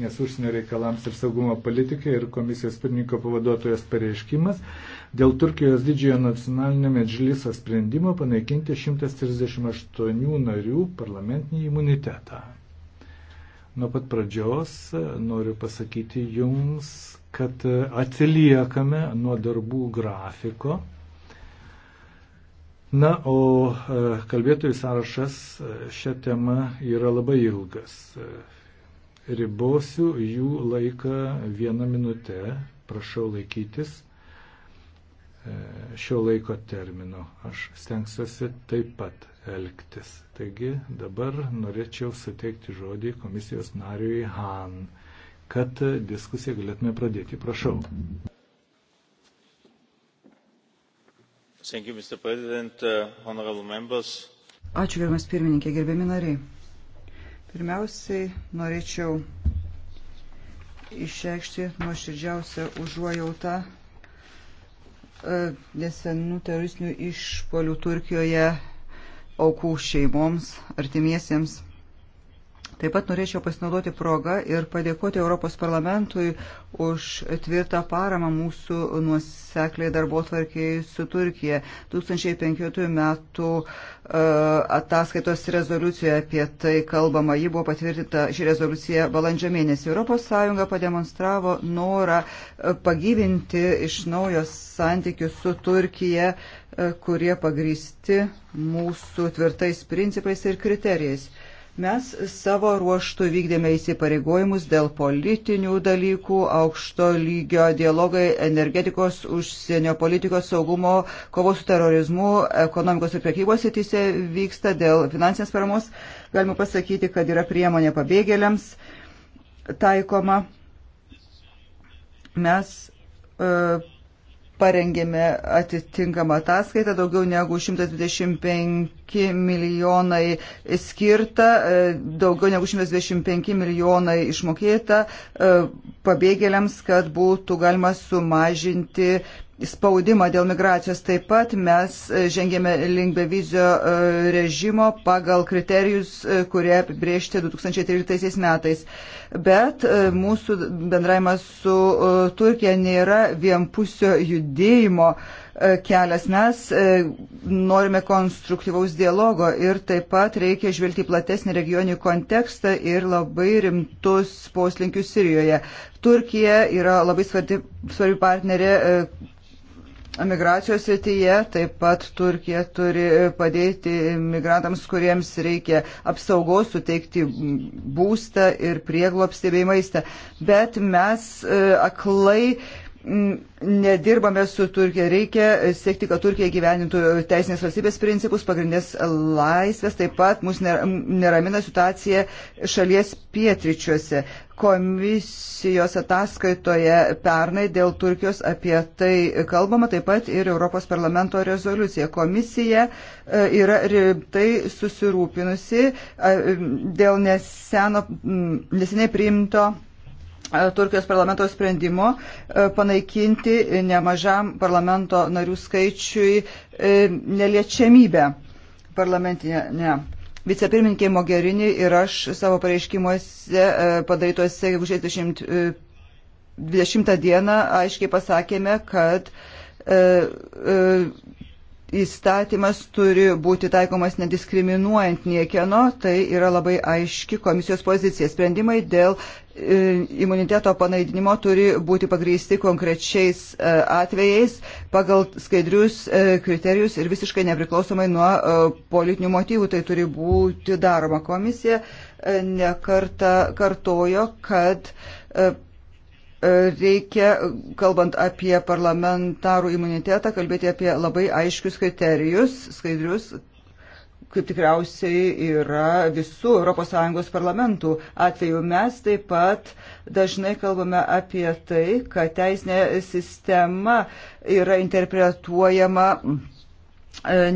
nes užsienio reikalams ir saugumo politikai ir komisijos pirmininko pavaduotojas pareiškimas dėl Turkijos didžiojo nacionalinio medžliso sprendimo panaikinti 138 narių parlamentinį imunitetą. Nuo pat pradžios noriu pasakyti jums, kad atsiliekame nuo darbų grafiko. Na, o e, kalbėtojų sąrašas e, šią temą yra labai ilgas. Ribosiu jų laiką vieną minutę. Prašau laikytis e, šio laiko termino. Aš stengsiuosi taip pat elgtis. Taigi dabar norėčiau suteikti žodį komisijos nariui Han, kad diskusiją galėtume pradėti. Prašau. You, uh, Ačiū, gerbiamas pirmininkė, gerbiami nariai. Pirmiausiai norėčiau išreikšti nuoširdžiausią užuojautą e, nesenų teroristinių išpolių Turkijoje aukų šeimoms, artimiesiems. Taip pat norėčiau pasinaudoti progą ir padėkoti Europos parlamentui už tvirtą paramą mūsų nuosekliai darbo tvarkiai su Turkija. 2015 metų e, ataskaitos rezoliucijoje apie tai kalbama. Ji buvo patvirtinta ši rezoliucija balandžio mėnesį. Europos Sąjunga pademonstravo norą e, pagyvinti iš naujo santykius su Turkija, e, kurie pagrysti mūsų tvirtais principais ir kriterijais. Mes savo ruoštų vykdėme įsipareigojimus dėl politinių dalykų, aukšto lygio dialogai, energetikos, užsienio politikos, saugumo, kovos su terorizmu, ekonomikos ir priekybos įtise vyksta dėl finansinės paramos. Galima pasakyti, kad yra priemonė pabėgėliams taikoma. Mes uh, parengėme atitinkamą ataskaitą, daugiau negu 125 milijonai skirta, e, daugiau negu 125 milijonai išmokėta e, pabėgėliams, kad būtų galima sumažinti spaudimą dėl migracijos. Taip pat mes e, žengėme link bevizio e, režimo pagal kriterijus, e, kurie apibriežti 2013 metais. Bet mūsų bendravimas su Turkija nėra vienpusio judėjimo E, kelias. Mes e, norime konstruktyvaus dialogo ir taip pat reikia žvelgti platesnį regioninį kontekstą ir labai rimtus poslinkius Sirijoje. Turkija yra labai svarbi, svarbi partnerė e, migracijos srityje, taip pat Turkija turi padėti migrantams, kuriems reikia apsaugos, suteikti būstą ir prieglobstį bei maistą. Bet mes aklai nedirbame su Turkija. Reikia siekti, kad Turkija gyvenintų teisinės valstybės principus, pagrindės laisvės. Taip pat mus neramina situacija šalies pietričiuose. Komisijos ataskaitoje pernai dėl Turkijos apie tai kalbama, taip pat ir Europos parlamento rezoliucija. Komisija e, yra rimtai susirūpinusi dėl neseno, neseniai priimto Turkijos parlamento sprendimo panaikinti nemažam parlamento narių skaičiui e, neliečiamybę parlamentinę. Ne. Vicepirmininkė Mogerini ir aš savo pareiškimuose e, padarytuose gegužės 20, 20 e, dieną aiškiai pasakėme, kad įstatymas turi būti taikomas nediskriminuojant niekieno, tai yra labai aiški komisijos pozicija. Sprendimai dėl imuniteto panaidinimo turi būti pagrįsti konkrečiais e, atvejais pagal skaidrius e, kriterijus ir visiškai nepriklausomai nuo e, politinių motyvų tai turi būti daroma. Komisija nekarta kartojo, kad reikia, kalbant apie parlamentarų imunitetą, kalbėti apie labai aiškius kriterijus, skaidrius, kaip tikriausiai yra visų ES parlamentų atveju. Mes taip pat dažnai kalbame apie tai, kad teisinė sistema yra interpretuojama e,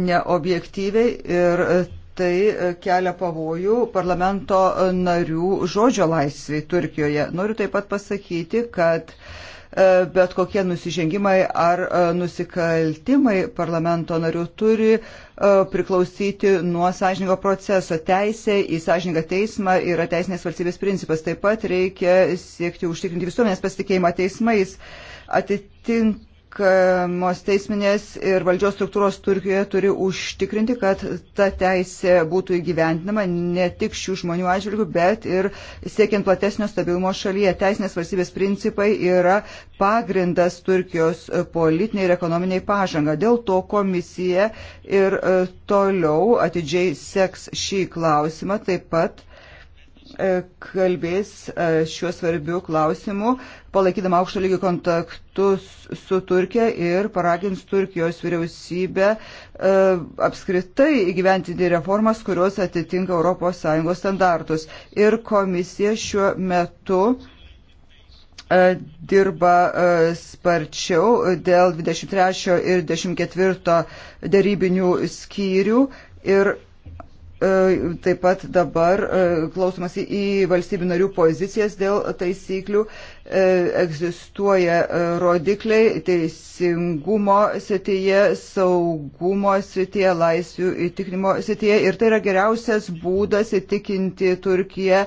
neobjektyviai ir tai kelia pavojų parlamento narių žodžio laisvai Turkijoje. Noriu taip pat pasakyti, kad uh, E, bet kokie nusižengimai ar e, nusikaltimai parlamento narių turi e, priklausyti nuo sąžininko proceso. Teisė į sąžininką teismą yra teisinės valstybės principas. Taip pat reikia siekti užtikrinti visuomenės pasitikėjimą teismais. Atitink atliekamos teisminės ir valdžios struktūros Turkijoje turi užtikrinti, kad ta teisė būtų įgyventinama ne tik šių žmonių atžvilgių, bet ir siekiant platesnio stabilumo šalyje. Teisinės valstybės principai yra pagrindas Turkijos politiniai ir ekonominiai pažanga. Dėl to komisija ir e, toliau atidžiai seks šį klausimą taip pat kalbės e, šiuo svarbiu klausimu, palaikydama aukšto lygio kontaktus su Turkija ir paragins Turkijos vyriausybę e, apskritai įgyventinti reformas, kurios atitinka ES standartus. Ir komisija šiuo metu e, dirba sparčiau dėl 23 ir 24 darybinių skyrių ir E, taip pat dabar e, klausimas į valstybių narių pozicijas dėl taisyklių. E, egzistuoja rodikliai teisingumo srityje, saugumo srityje, laisvių įtikinimo srityje ir tai yra geriausias būdas įtikinti Turkiją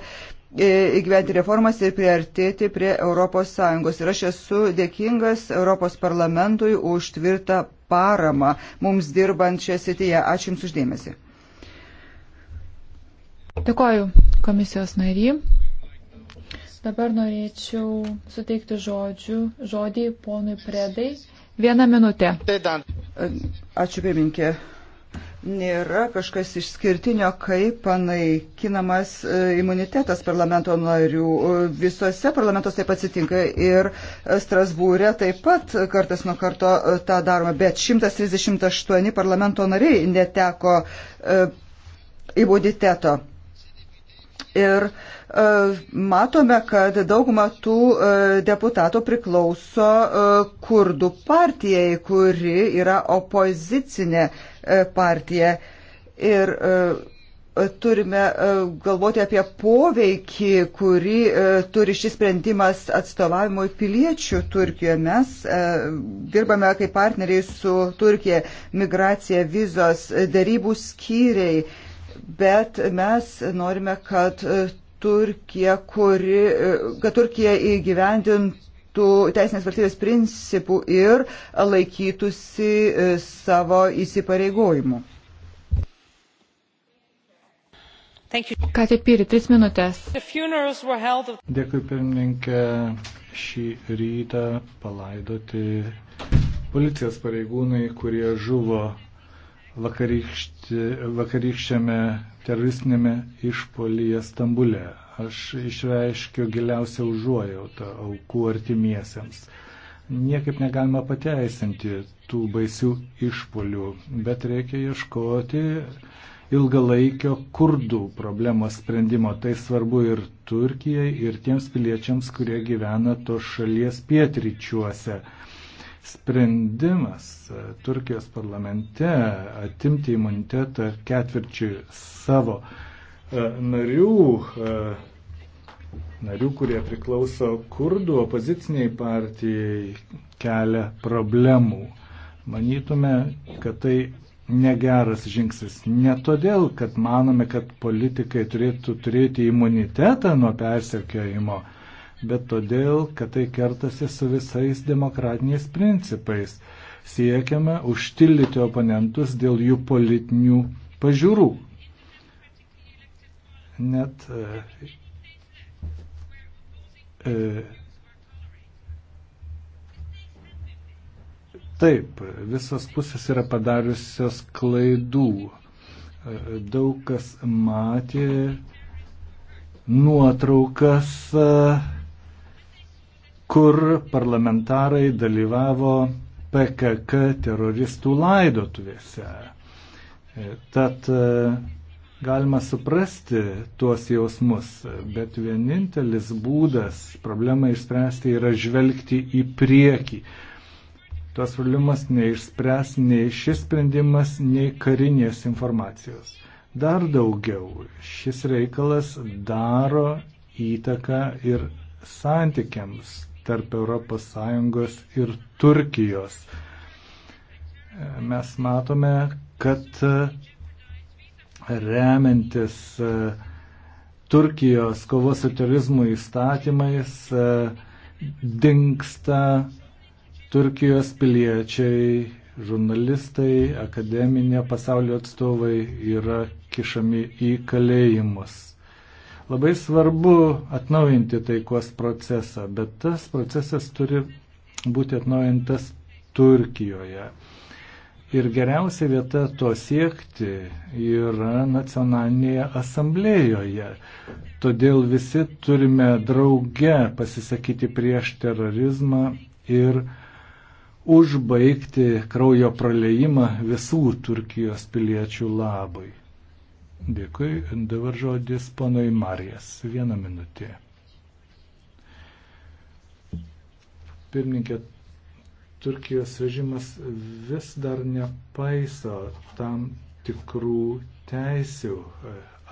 įgyventi reformas ir priartėti prie ES. Ir aš esu dėkingas Europos parlamentui už tvirtą paramą mums dirbant šią srityje. Ačiū Jums uždėmesi. Dėkoju komisijos nary. Dabar norėčiau suteikti žodžių, žodį ponui Predai. Vieną minutę. Ačiū, pirminkė. Nėra kažkas išskirtinio, kaip panaikinamas e, imunitetas parlamento narių. Visose parlamentos taip atsitinka ir Strasbūrė taip pat kartas nuo karto e, tą daroma, bet 138 parlamento nariai neteko e, imuniteto. Ir e, matome, kad dauguma tų e, deputatų priklauso e, kurdų partijai, kuri yra opozicinė e, partija. Ir e, turime e, galvoti apie poveikį, kurį e, turi šis sprendimas atstovavimui piliečių Turkijoje. Mes e, dirbame kaip partneriai su Turkija migracija, vizos, e, darybų skyriai. E, bet mes norime, kad Turkija, kuri, kad Turkija įgyvendintų tų teisinės valstybės principų ir laikytųsi e, savo įsipareigojimų. Ką tik pyri, tris minutės. Dėkui, pirmininkė. Šį rytą palaidoti policijos pareigūnai, kurie žuvo vakarykščiame teroristinėme išpolyje Stambulė. Aš išreiškiu giliausią užuojautą aukų artimiesiems. Niekaip negalima pateisinti tų baisių išpolių, bet reikia ieškoti ilgalaikio kurdų problemos sprendimo. Tai svarbu ir Turkijai, ir tiems piliečiams, kurie gyvena tos šalies pietryčiuose. Sprendimas e, Turkijos parlamente atimti imunitetą ketvirčiui savo e, narių, e, narių, kurie priklauso kurdų opoziciniai partijai, kelia problemų. Manytume, kad tai negeras žingsnis. Ne todėl, kad manome, kad politikai turėtų turėti imunitetą nuo persekiojimo, bet todėl, kad tai kertasi su visais demokratiniais principais. Siekiame užtildyti oponentus dėl jų politinių pažiūrų. Net e, e, taip, visos pusės yra padariusios klaidų. E, daug kas matė nuotraukas. E, kur parlamentarai dalyvavo PKK teroristų laidotuvėse. E, tad e, galima suprasti tuos jausmus, bet vienintelis būdas problemą išspręsti yra žvelgti į priekį. Tuos problemas neišspręs nei šis sprendimas, nei karinės informacijos. Dar daugiau, šis reikalas daro įtaką ir santykiams tarp ES ir Turkijos. Mes matome, kad e, remiantis e, Turkijos kovos su terorizmu įstatymais e, dinksta Turkijos piliečiai, žurnalistai, akademinė pasaulio atstovai yra kišami į kalėjimus. Labai svarbu atnaujinti taikos procesą, bet tas procesas turi būti atnaujintas Turkijoje. Ir geriausia vieta to siekti yra nacionalinėje asamblėjoje. Todėl visi turime drauge pasisakyti prieš terorizmą ir užbaigti kraujo praleimą visų Turkijos piliečių labui. Dėkui. Dabar žodis ponui Marijas. Vieną minutę. Pirmininkė, Turkijos režimas vis dar nepaiso tam tikrų teisių.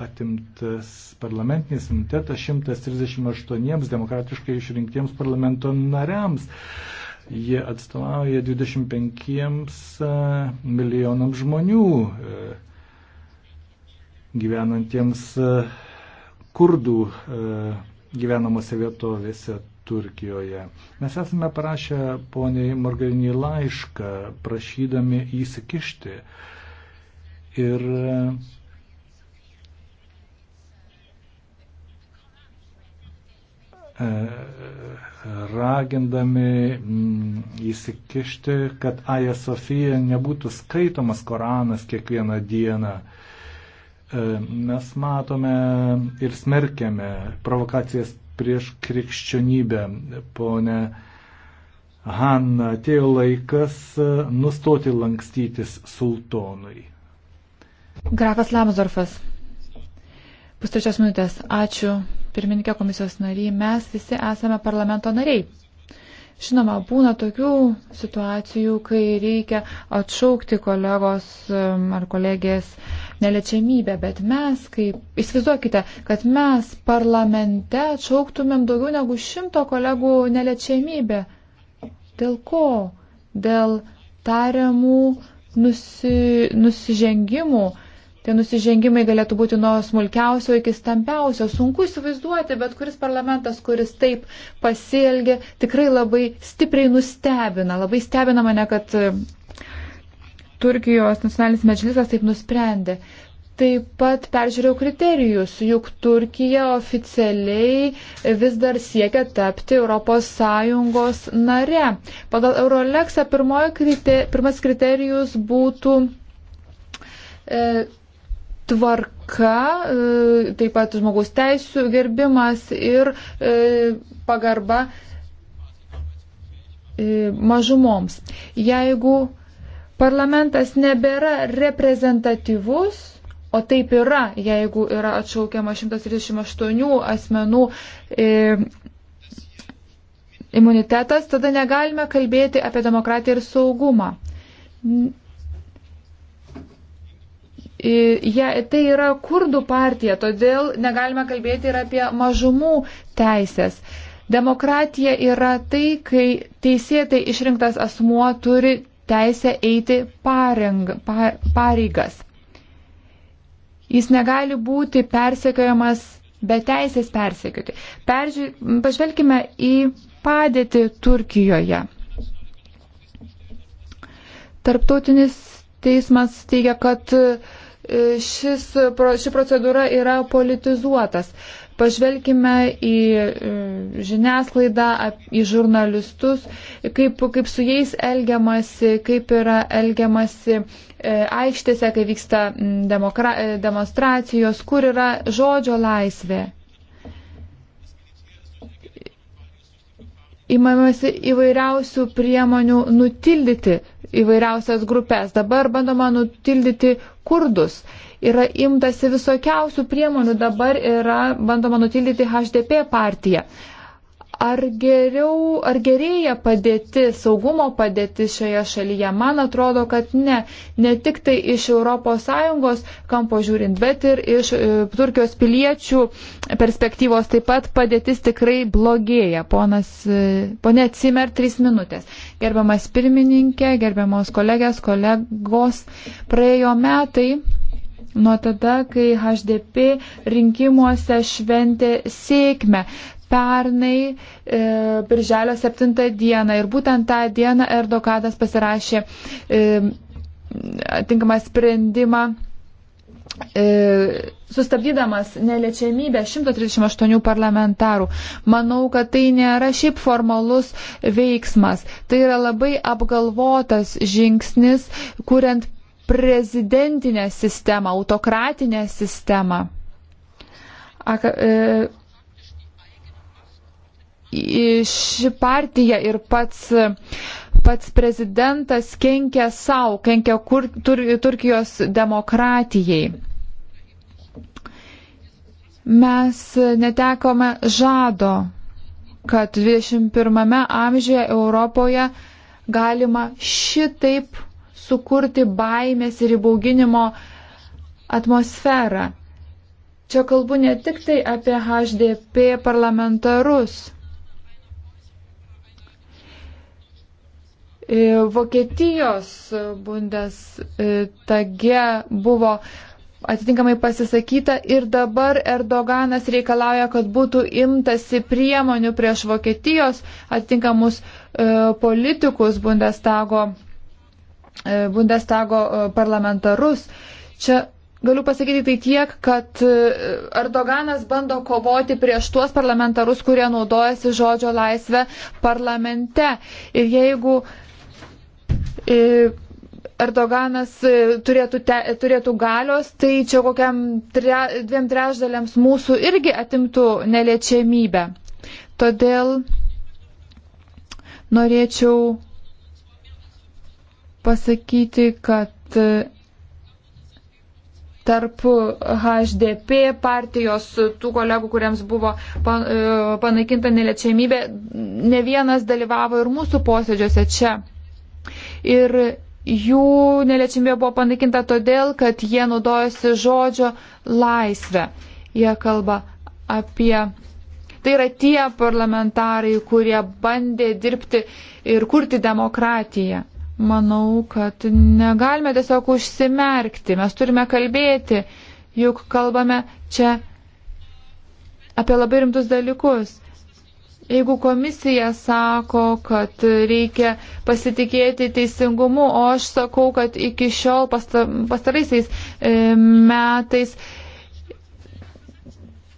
Atimtas parlamentinis imunitetas 138 demokratiškai išrinktiems parlamento nariams. Jie atstovauja 25 milijonams žmonių gyvenantiems e, kurdų e, gyvenamose vietovėse Turkijoje. Mes esame parašę poniai Margarinį laišką, prašydami įsikišti. Ir e, ragindami mm, įsikišti, kad Aja Sofija nebūtų skaitomas Koranas kiekvieną dieną. E, E, mes matome ir smerkėme provokacijas prieš krikščionybę. Pone Hanna, atėjo laikas nustoti lankstytis sultonui. Grafas Lamsdorfas. Pustrečios minutės. Ačiū, pirmininkė komisijos nariai. Mes visi esame parlamento nariai. Žinoma, būna tokių situacijų, kai reikia atšaukti kolegos um, ar kolegės neliečiamybę, bet mes, kaip, įsivaizduokite, kad mes parlamente atšauktumėm daugiau negu šimto kolegų neliečiamybę. Dėl ko? Dėl tariamų nusi, nusižengimų. Tie nusižengimai galėtų būti nuo smulkiausio iki stambiausio. Sunku įsivaizduoti, bet kuris parlamentas, kuris taip pasielgia, tikrai labai stipriai nustebina. Labai stebina mane, kad Turkijos nacionalinis medžlisas taip nusprendė. Taip pat peržiūrėjau kriterijus, juk Turkija oficialiai vis dar siekia tapti ES nare. Pagal Eurolexą kriter, pirmas kriterijus būtų e, tvarka, e, taip pat žmogaus teisų gerbimas ir e, pagarba e, mažumoms. Jeigu parlamentas nebėra reprezentatyvus, o taip yra, jeigu yra atšaukiama 138 asmenų e, imunitetas, tada negalime kalbėti apie demokratiją ir saugumą. E, ja, tai yra kurdų partija, todėl negalime kalbėti ir apie mažumų teisės. Demokratija yra tai, kai teisėtai išrinktas asmuo turi teisę eiti pareng, pa, pareigas. Jis negali būti persekiojamas be teisės persekioti. Perži... Pažvelkime į padėtį Turkijoje. Tarptautinis teismas teigia, kad e, šis, ši procedūra yra politizuotas. Pažvelkime į e, žiniasklaidą, į žurnalistus, kaip, kaip su jais elgiamasi, kaip yra elgiamasi e, aikštėse, kai vyksta demokra, e, demonstracijos, kur yra žodžio laisvė. Įmamasi įvairiausių priemonių nutildyti įvairiausias grupės. Dabar bandoma nutildyti kurdus yra imtasi visokiausių priemonių, dabar yra bandoma nutildyti HDP partiją. Ar, geriau, ar gerėja padėti, saugumo padėti šioje šalyje? Man atrodo, kad ne. Ne tik tai iš ES kampo žiūrint, bet ir iš e, Turkijos piliečių perspektyvos taip pat padėtis tikrai blogėja. Ponas, e, ponė Cimer, trys minutės. Gerbiamas pirmininkė, gerbiamos kolegės, kolegos, praėjo metai nuo tada, kai HDP rinkimuose šventė sėkmę pernai e, birželio 7 dieną ir būtent tą dieną Erdogadas pasirašė e, atinkamą sprendimą e, sustabdydamas neliečiamybę 138 parlamentarų. Manau, kad tai nėra šiaip formalus veiksmas. Tai yra labai apgalvotas žingsnis, kuriant prezidentinę sistemą, autokratinę sistemą. Aka, e, ši partija ir pats, pats prezidentas kenkia savo, kenkia kur, tur, Turkijos demokratijai. Mes netekome žado, kad 21 amžiuje Europoje galima šitaip sukurti baimės ir įbauginimo atmosferą. Čia kalbu ne tik tai apie HDP parlamentarus. E, Vokietijos bundestage buvo atitinkamai pasisakyta ir dabar Erdoganas reikalauja, kad būtų imtasi priemonių prieš Vokietijos atitinkamus e, politikus Bundestago E, Bundestago e, parlamentarus. Čia galiu pasakyti tai tiek, kad e, Erdoganas bando kovoti prieš tuos parlamentarus, kurie naudojasi žodžio laisvę parlamente. Ir jeigu Erdoganas turėtų, te, turėtų galios, tai čia kokiam tre, dviem trešdaliams mūsų irgi atimtų neliečiamybę. Todėl norėčiau pasakyti, kad e, tarp HDP partijos tų kolegų, kuriems buvo e, panaikinta neliečiamybė, ne vienas dalyvavo ir mūsų posėdžiuose čia. Ir jų neliečiamybė buvo panaikinta todėl, kad jie naudojasi žodžio laisvę. Jie kalba apie. Tai yra tie parlamentarai, kurie bandė dirbti ir kurti demokratiją manau, kad negalime tiesiog užsimerkti, mes turime kalbėti, juk kalbame čia apie labai rimtus dalykus. Jeigu komisija sako, kad reikia pasitikėti teisingumu, o aš sakau, kad iki šiol pastaraisiais e, metais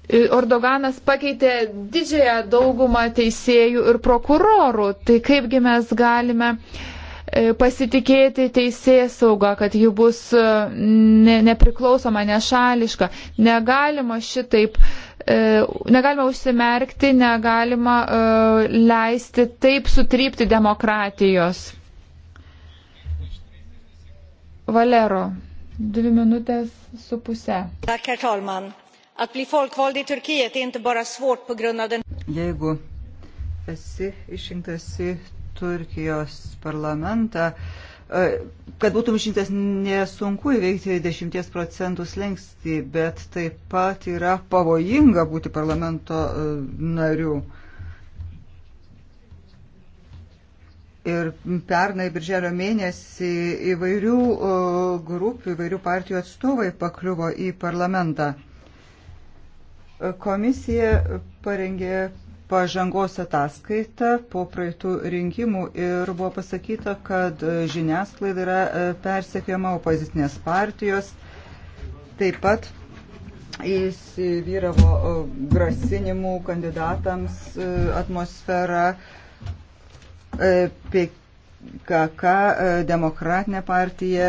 e, Ordoganas pakeitė didžiąją daugumą teisėjų ir prokurorų, tai kaipgi mes galime uh, E, pasitikėti teisėje saugą, kad ji bus e, ne, nepriklausoma, nešališka. Negalima šitaip, e, negalima užsimerkti, negalima leisti taip sutrypti demokratijos. Valero, dvi minutės su pusė. Jeigu esi išrinktas į Turkijos parlamentą, e, kad būtum išrinktas nesunku įveikti 10 procentų slengsti, bet taip pat yra pavojinga būti parlamento e, nariu. Ir pernai birželio mėnesį įvairių e, grupių, įvairių partijų atstovai pakliuvo į parlamentą. Komisija parengė pažangos ataskaita po praeitų rinkimų ir buvo pasakyta, kad e, žiniasklaida yra e, persekiojama opozicinės partijos. Taip pat įsivyravo e, grasinimų kandidatams atmosfera. PKK demokratinė partija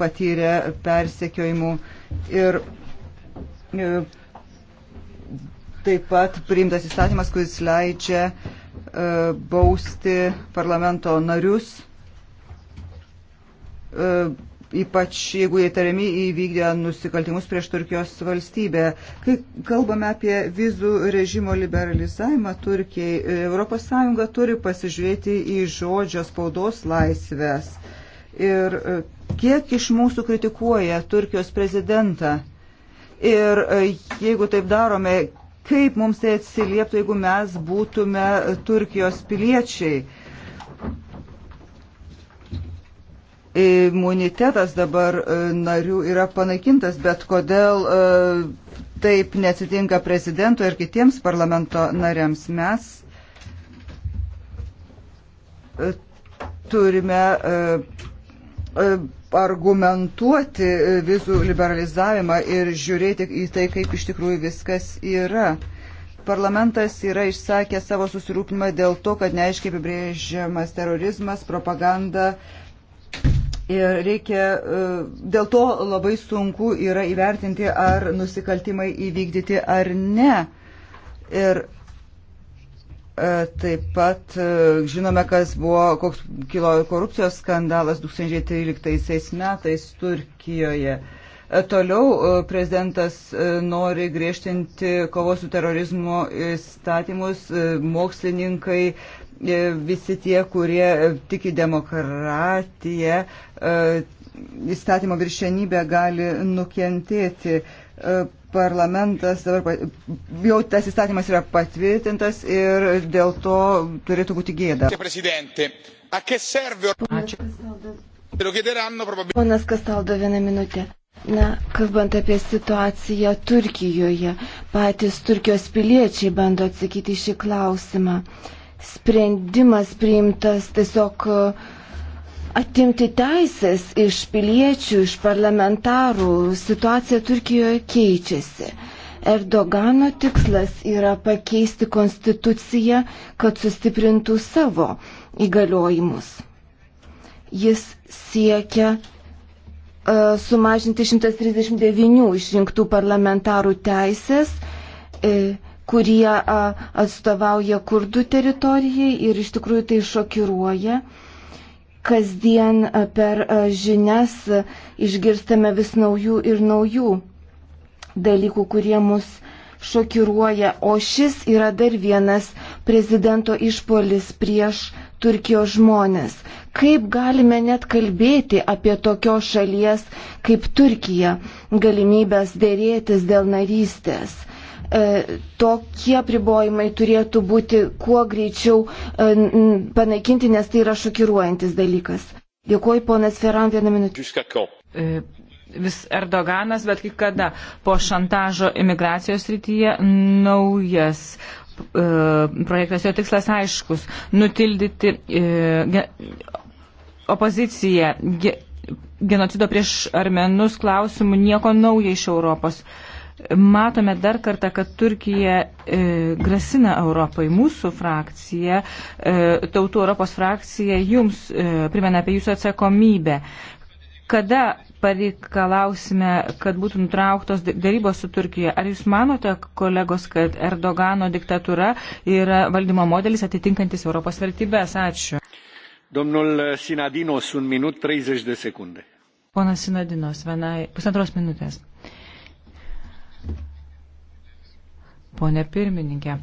patyrė persekiojimų ir Taip pat priimtas įstatymas, kuris leidžia e, bausti parlamento narius, e, ypač jeigu jie tariami įvykdė nusikaltimus prieš Turkijos valstybę. Kai kalbame apie vizų režimo liberalizavimą Turkijai, ES turi pasižiūrėti į žodžio spaudos laisvės. Ir e, kiek iš mūsų kritikuoja Turkijos prezidentą. Ir jeigu taip darome, Kaip mums tai atsilieptų, jeigu mes būtume Turkijos piliečiai? Imunitetas dabar e, narių yra panaikintas, bet kodėl e, taip neatsitinka prezidento ir kitiems parlamento nariams? Mes e, turime argumentuoti e, vizų liberalizavimą ir žiūrėti į tai, kaip iš tikrųjų viskas yra. Parlamentas yra išsakę savo susirūpinimą dėl to, kad neaiškiai apibrėžiamas terorizmas, propaganda, Ir reikia, e, dėl to labai sunku yra įvertinti, ar nusikaltimai įvykdyti ar ne. Ir E, taip pat e, žinome, kas buvo, koks kilo korupcijos skandalas 2013 metais Turkijoje. E, toliau prezidentas nori griežtinti kovos su terorizmu įstatymus, mokslininkai, visi tie, kurie tiki demokratiją, įstatymo viršenybę gali nukentėti parlamentas dabar, jau tas įstatymas yra patvirtintas ir dėl to turėtų būti gėda. Ponas Kastaldo, vieną minutę. Na, kalbant apie situaciją Turkijoje, patys Turkijos piliečiai bando atsakyti šį klausimą. Sprendimas priimtas tiesiog uh, atimti teisės iš piliečių, iš parlamentarų, situacija Turkijoje keičiasi. Erdogano tikslas yra pakeisti konstituciją, kad sustiprintų savo įgaliojimus. Jis siekia uh, sumažinti 139 išrinktų parlamentarų teisės. Uh, kurie atstovauja kurdų teritorijai ir iš tikrųjų tai šokiruoja. Uh, kasdien e, per e, žinias e, išgirstame vis naujų ir naujų dalykų, kurie mus šokiruoja, o šis yra dar vienas prezidento išpolis prieš Turkijos žmonės. Kaip galime net kalbėti apie tokios šalies kaip Turkija galimybės dėrėtis dėl narystės? E, tokie pribojimai turėtų būti kuo greičiau e, panaikinti, nes tai yra šokiruojantis dalykas. Dėkuoju, ponas Ferran, vieną minutę. E, vis Erdoganas, bet kai kada po šantažo imigracijos rytyje naujas projektas, jo tikslas aiškus - nutildyti opoziciją genocido prieš armenus klausimų nieko naujo iš Europos. Uh, matome dar kartą, kad Turkija e, grasina Europai. Mūsų frakcija, e, Tautų Europos frakcija, jums e, primena apie jūsų atsakomybę. Kada pareikalausime, kad būtų nutrauktos darybos su Turkija. Ar jūs manote, kolegos, kad Erdogano diktatūra yra valdymo modelis atitinkantis Europos vertybės? Ačiū. Domnul Sinadinos, un minut 30 de secunde. Ponas Sinadinos, vienai pusantros minutės. ponė pirmininkė.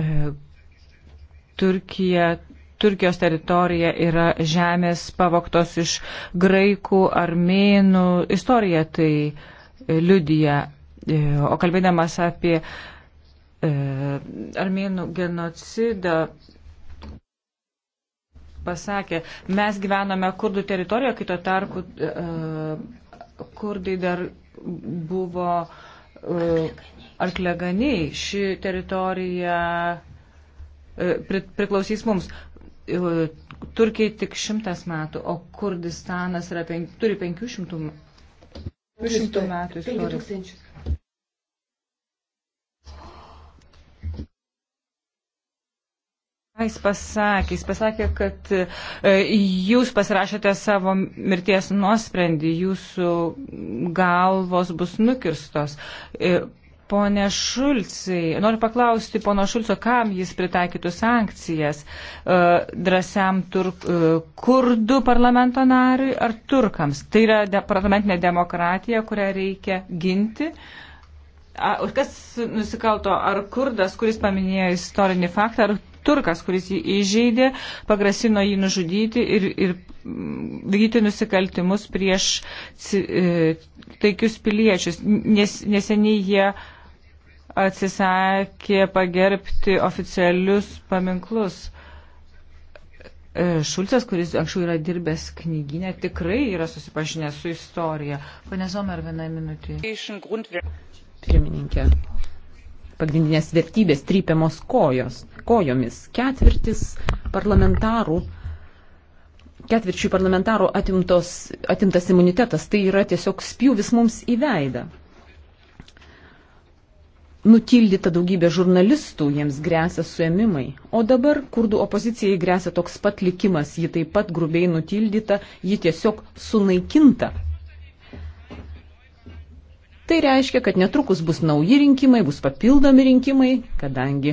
E, Turkija, Turkijos teritorija yra žemės pavoktos iš graikų, armėnų. Istorija tai liudija. E, o kalbėdamas apie e, armėnų genocidą, pasakė, mes gyvename kurdų teritorijoje, kito tarpu kurdai dar buvo e, arkleganiai. Ši teritorija e, priklausys mums. E, Turkiai tik šimtas metų, o Kurdistanas penk, turi 500 metų. 500 metų istorijos. Ką jis pasakė? Jis pasakė, kad e, jūs pasirašėte savo mirties nuosprendį, jūsų galvos bus nukirstos. E, pone Šulcai, noriu paklausti pono Šulco, kam jis pritaikytų sankcijas e, drąsiam turk, kurdų parlamento nariui ar turkams? Tai yra de, parlamentinė demokratija, kurią reikia ginti. Ar kas nusikalto, ar kurdas, kuris paminėjo istorinį faktą, ar turkas, kuris jį įžeidė, pagrasino jį nužudyti ir, ir mm, vykdyti nusikaltimus prieš e, taikius piliečius. Nes, neseniai jie atsisakė pagerbti oficialius paminklus. E, Šulcas, kuris anksčiau yra dirbęs knyginę, tikrai yra susipažinęs su istorija. Pane Zomer, vieną minutį. Pirmininkė, pagrindinės vertybės trypiamos kojos, kojomis. Ketvirtis parlamentarų, ketvirčių parlamentarų atimtos, atimtas imunitetas, tai yra tiesiog spjūvis mums į veidą. Nutildyta daugybė žurnalistų, jiems grėsia suėmimai. O dabar kurdų opozicijai grėsia toks pat likimas, ji taip pat grubiai nutildyta, ji tiesiog sunaikinta Tai reiškia, kad netrukus bus nauji rinkimai, bus papildomi rinkimai, kadangi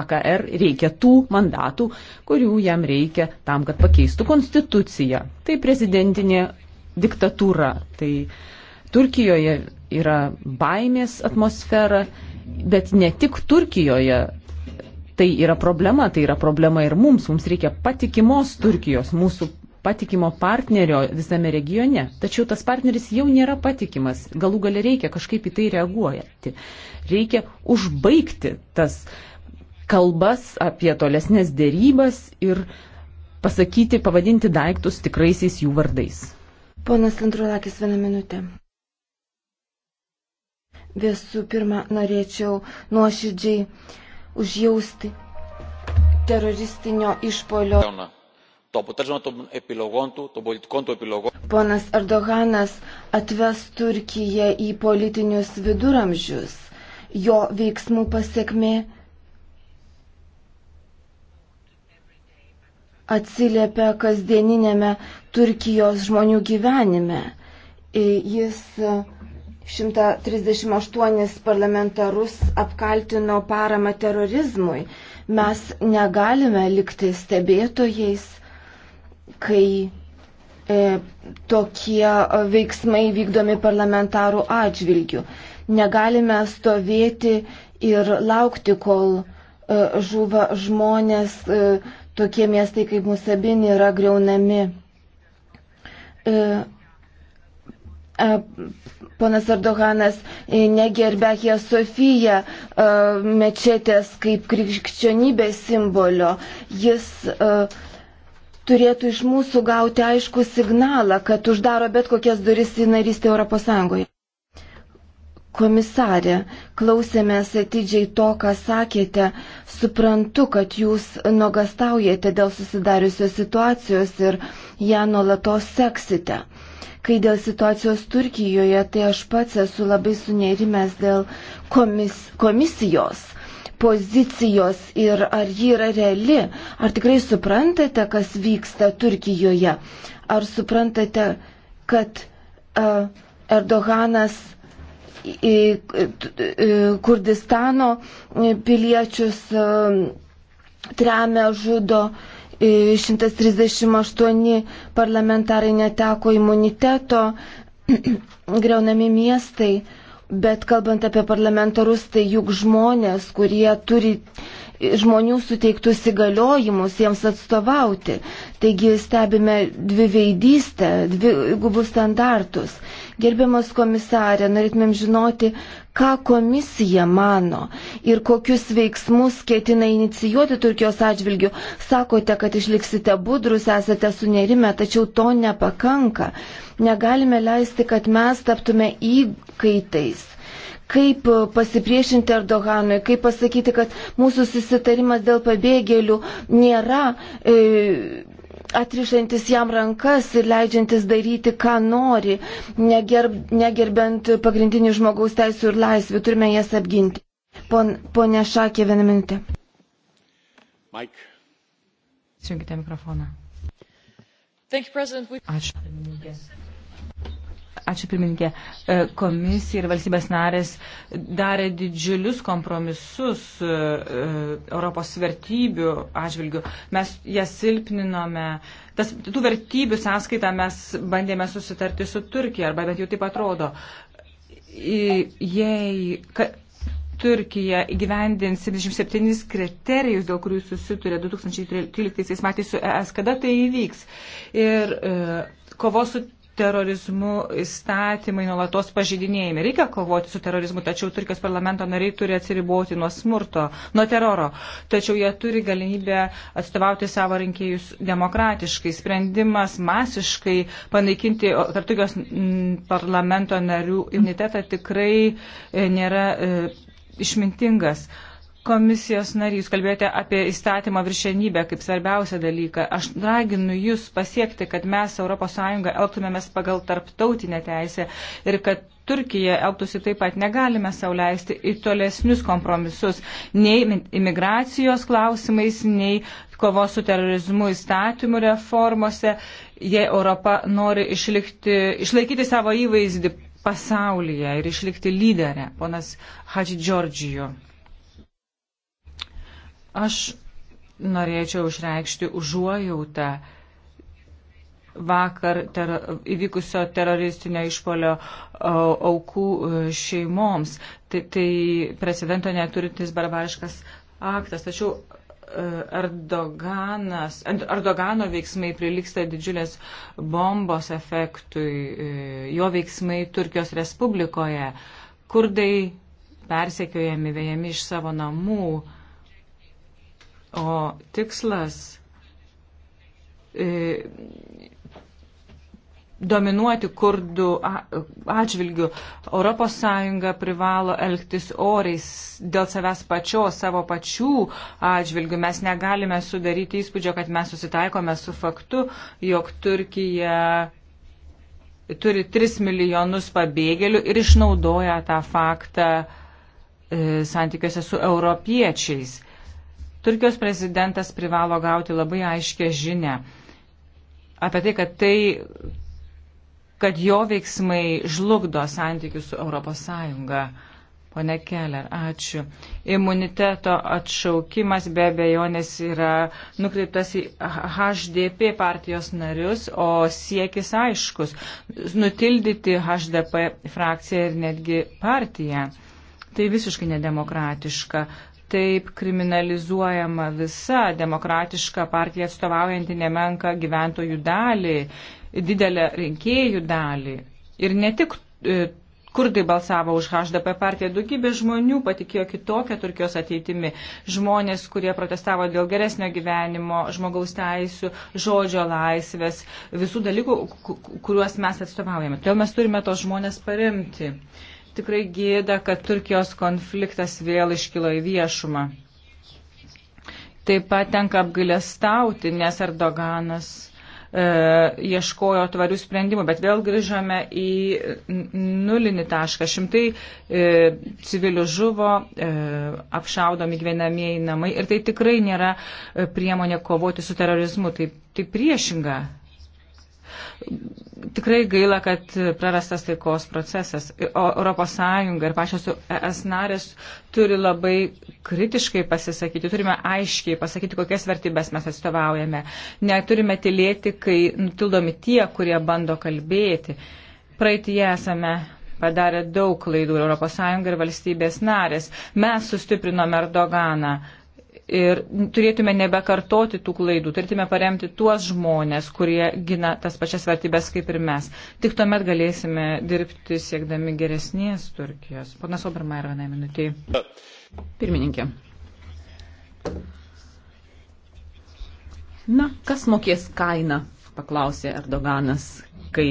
AKR reikia tų mandatų, kurių jam reikia tam, kad pakeistų konstituciją. Tai prezidentinė diktatūra. Tai Turkijoje yra baimės atmosfera, bet ne tik Turkijoje tai yra problema, tai yra problema ir mums. Mums reikia patikimos Turkijos, mūsų patikimo partnerio visame regione. Tačiau tas partneris jau nėra patikimas. Galų gale reikia kažkaip į tai reaguoti. Reikia užbaigti tas kalbas apie tolesnės dėrybas ir pasakyti, pavadinti daiktus tikraisiais jų vardais. Ponas Andrulakis, vieną minutę. Visų pirma, norėčiau nuoširdžiai užjausti teroristinio išpolio. Jauna το αποτέλεσμα των επιλογών του, των πολιτικών του επιλογών. Ponas Erdoganas atves Turkiją į politinius viduramžius. Jo veiksmų pasiekmė atsiliepia kasdieninėme Turkijos žmonių gyvenime. Jis 138 parlamentarus apkaltino paramą terorizmui. Mes negalime likti stebėtojais kai e, tokie veiksmai vykdomi parlamentarų atžvilgių. Negalime stovėti ir laukti, kol e, žuva žmonės, e, tokie miestai kaip Musabini yra greunami. E, e, Ponas Erdoganas e, negerbė Hie Sofiją e, mečetės kaip krikščionybės simbolio. Jis uh, turėtų iš mūsų gauti aišku signalą, kad uždaro bet kokias duris į narystę Europos Sąjungoje. Komisarė, klausėmės atidžiai to, ką sakėte. Suprantu, kad jūs nogastaujate dėl susidariusios situacijos ir ją nuolatos seksite. Kai dėl situacijos Turkijoje, tai aš pats esu labai sunerimęs dėl komis, komisijos pozicijos ir ar ji yra reali, ar tikrai suprantate, kas vyksta Turkijoje, ar suprantate, kad uh, Erdoganas į Kurdistano piliečius tremia, žudo. 138 parlamentarai neteko imuniteto, greunami miestai. Bet kalbant apie parlamentarus, tai juk žmonės, kurie turi žmonių suteiktus įgaliojimus jiems atstovauti. Taigi stebime dvi veidystę, dvi gubus standartus. Gerbiamas komisarė, norėtumėm žinoti, ką komisija mano ir kokius veiksmus ketina inicijuoti Turkijos atžvilgių. Sakote, kad išliksite budrus, esate sunerime, tačiau to nepakanka. Negalime leisti, kad mes taptume įkaitais kaip e, pasipriešinti Erdoganui, kaip pasakyti, kad mūsų susitarimas dėl pabėgėlių nėra. E, atrišantis jam rankas ir leidžiantis daryti, ką nori, negerb, negerbent pagrindinių žmogaus teisų ir laisvių, turime jas apginti. Pon, pone Šakė, vieną minutę. Mike. Sijunkite mikrofoną. You, Ačiū. Ačiū pirmininkė. E, komisija ir valstybės narės darė didžiulius kompromisus e, e, Europos vertybių atžvilgių. Mes jas silpninome. Tas, tų vertybių sąskaitą mes bandėme susitarti su Turkija, arba bent jau taip atrodo. Jei ka, Turkija įgyvendins 77 kriterijus, dėl kurių susiturė 2013 metais su ES, kada tai įvyks? Ir e, kovos su terorizmu įstatymai nuolatos pažydinėjami. Reikia kovoti su terorizmu, tačiau Turkijos parlamento nariai turi atsiriboti nuo smurto, nuo teroro. Tačiau jie turi galimybę atstovauti savo rinkėjus demokratiškai. Sprendimas masiškai panaikinti Turkijos mm, parlamento narių imunitetą tikrai e, nėra e, išmintingas. Komisijos narys, kalbėjote apie įstatymą viršenybę kaip svarbiausią dalyką. Aš raginu Jūs pasiekti, kad mes ES elgtumėmės pagal tarptautinę teisę ir kad Turkija elgtųsi taip pat. Negalime sauliaisti į tolesnius kompromisus nei imigracijos klausimais, nei kovos su terorizmu įstatymų reformose, jei Europa nori išlikti, išlaikyti savo įvaizdį pasaulyje ir išlikti lyderę. Ponas Hadži Džordžiju. Aš norėčiau išreikšti užuojautą vakar ter, įvykusio teroristinio išpolio aukų šeimoms. Tai, tai precedento neturintis barbariškas aktas. Tačiau Erdoganas, Erdogano veiksmai priliksta didžiulės bombos efektui, e, jo veiksmai Turkijos Respublikoje. Kurdai persekiojami, vėjami iš savo namų. Uh, O tikslas e, dominuoti kurdų atžvilgių. ES privalo elgtis oriais dėl savęs pačios, savo pačių atžvilgių. Mes negalime sudaryti įspūdžio, kad mes susitaikome su faktu, jog Turkija turi 3 milijonus pabėgėlių ir išnaudoja tą faktą e, santykiuose su europiečiais. Turkijos prezidentas privalo gauti labai aiškę žinę apie tai, kad tai kad jo veiksmai žlugdo santykius su Europos Sąjunga. Pone Keller, ačiū. Imuniteto atšaukimas be abejonės yra nukreiptas į HDP partijos narius, o siekis aiškus - nutildyti HDP frakciją ir netgi partiją. Tai visiškai nedemokratiška taip kriminalizuojama visa demokratiška partija atstovaujanti nemenka gyventojų dalį, didelę rinkėjų dalį. Ir ne tik e, kurdai balsavo už HDP partiją, daugybė žmonių patikėjo kitokią Turkijos ateitimi. Žmonės, kurie protestavo dėl geresnio gyvenimo, žmogaus teisų, žodžio laisvės, visų dalykų, kuriuos mes atstovaujame. Todėl mes turime tos žmonės paremti. Uh, Tikrai gėda, kad Turkijos konfliktas vėl iškilo į viešumą. Taip pat tenka apgailestauti, nes Erdoganas e, ieškojo tvarių sprendimų, bet vėl grįžome į nulinį tašką. Šimtai e, civilių žuvo, e, apšaudomi gyvenamieji namai ir tai tikrai nėra e, priemonė kovoti su terorizmu, tai, tai priešinga Tikrai gaila, kad prarastas taikos procesas. O ES ir pačios ES narės turi labai kritiškai pasisakyti, turime aiškiai pasakyti, kokias vertybės mes atstovaujame. Neturime tylėti, kai nutildomi tie, kurie bando kalbėti. Praeitie esame padarė daug klaidų ES ir valstybės narės. Mes sustiprinome Erdoganą ir turėtume nebekartoti tų klaidų, turėtume paremti tuos žmonės, kurie gina tas pačias vertybės kaip ir mes. Tik tuomet galėsime dirbti siekdami geresnės Turkijos. Ponas Oberma yra vienai minutiai. Pirmininkė. Na, kas mokės kainą, paklausė Erdoganas, kai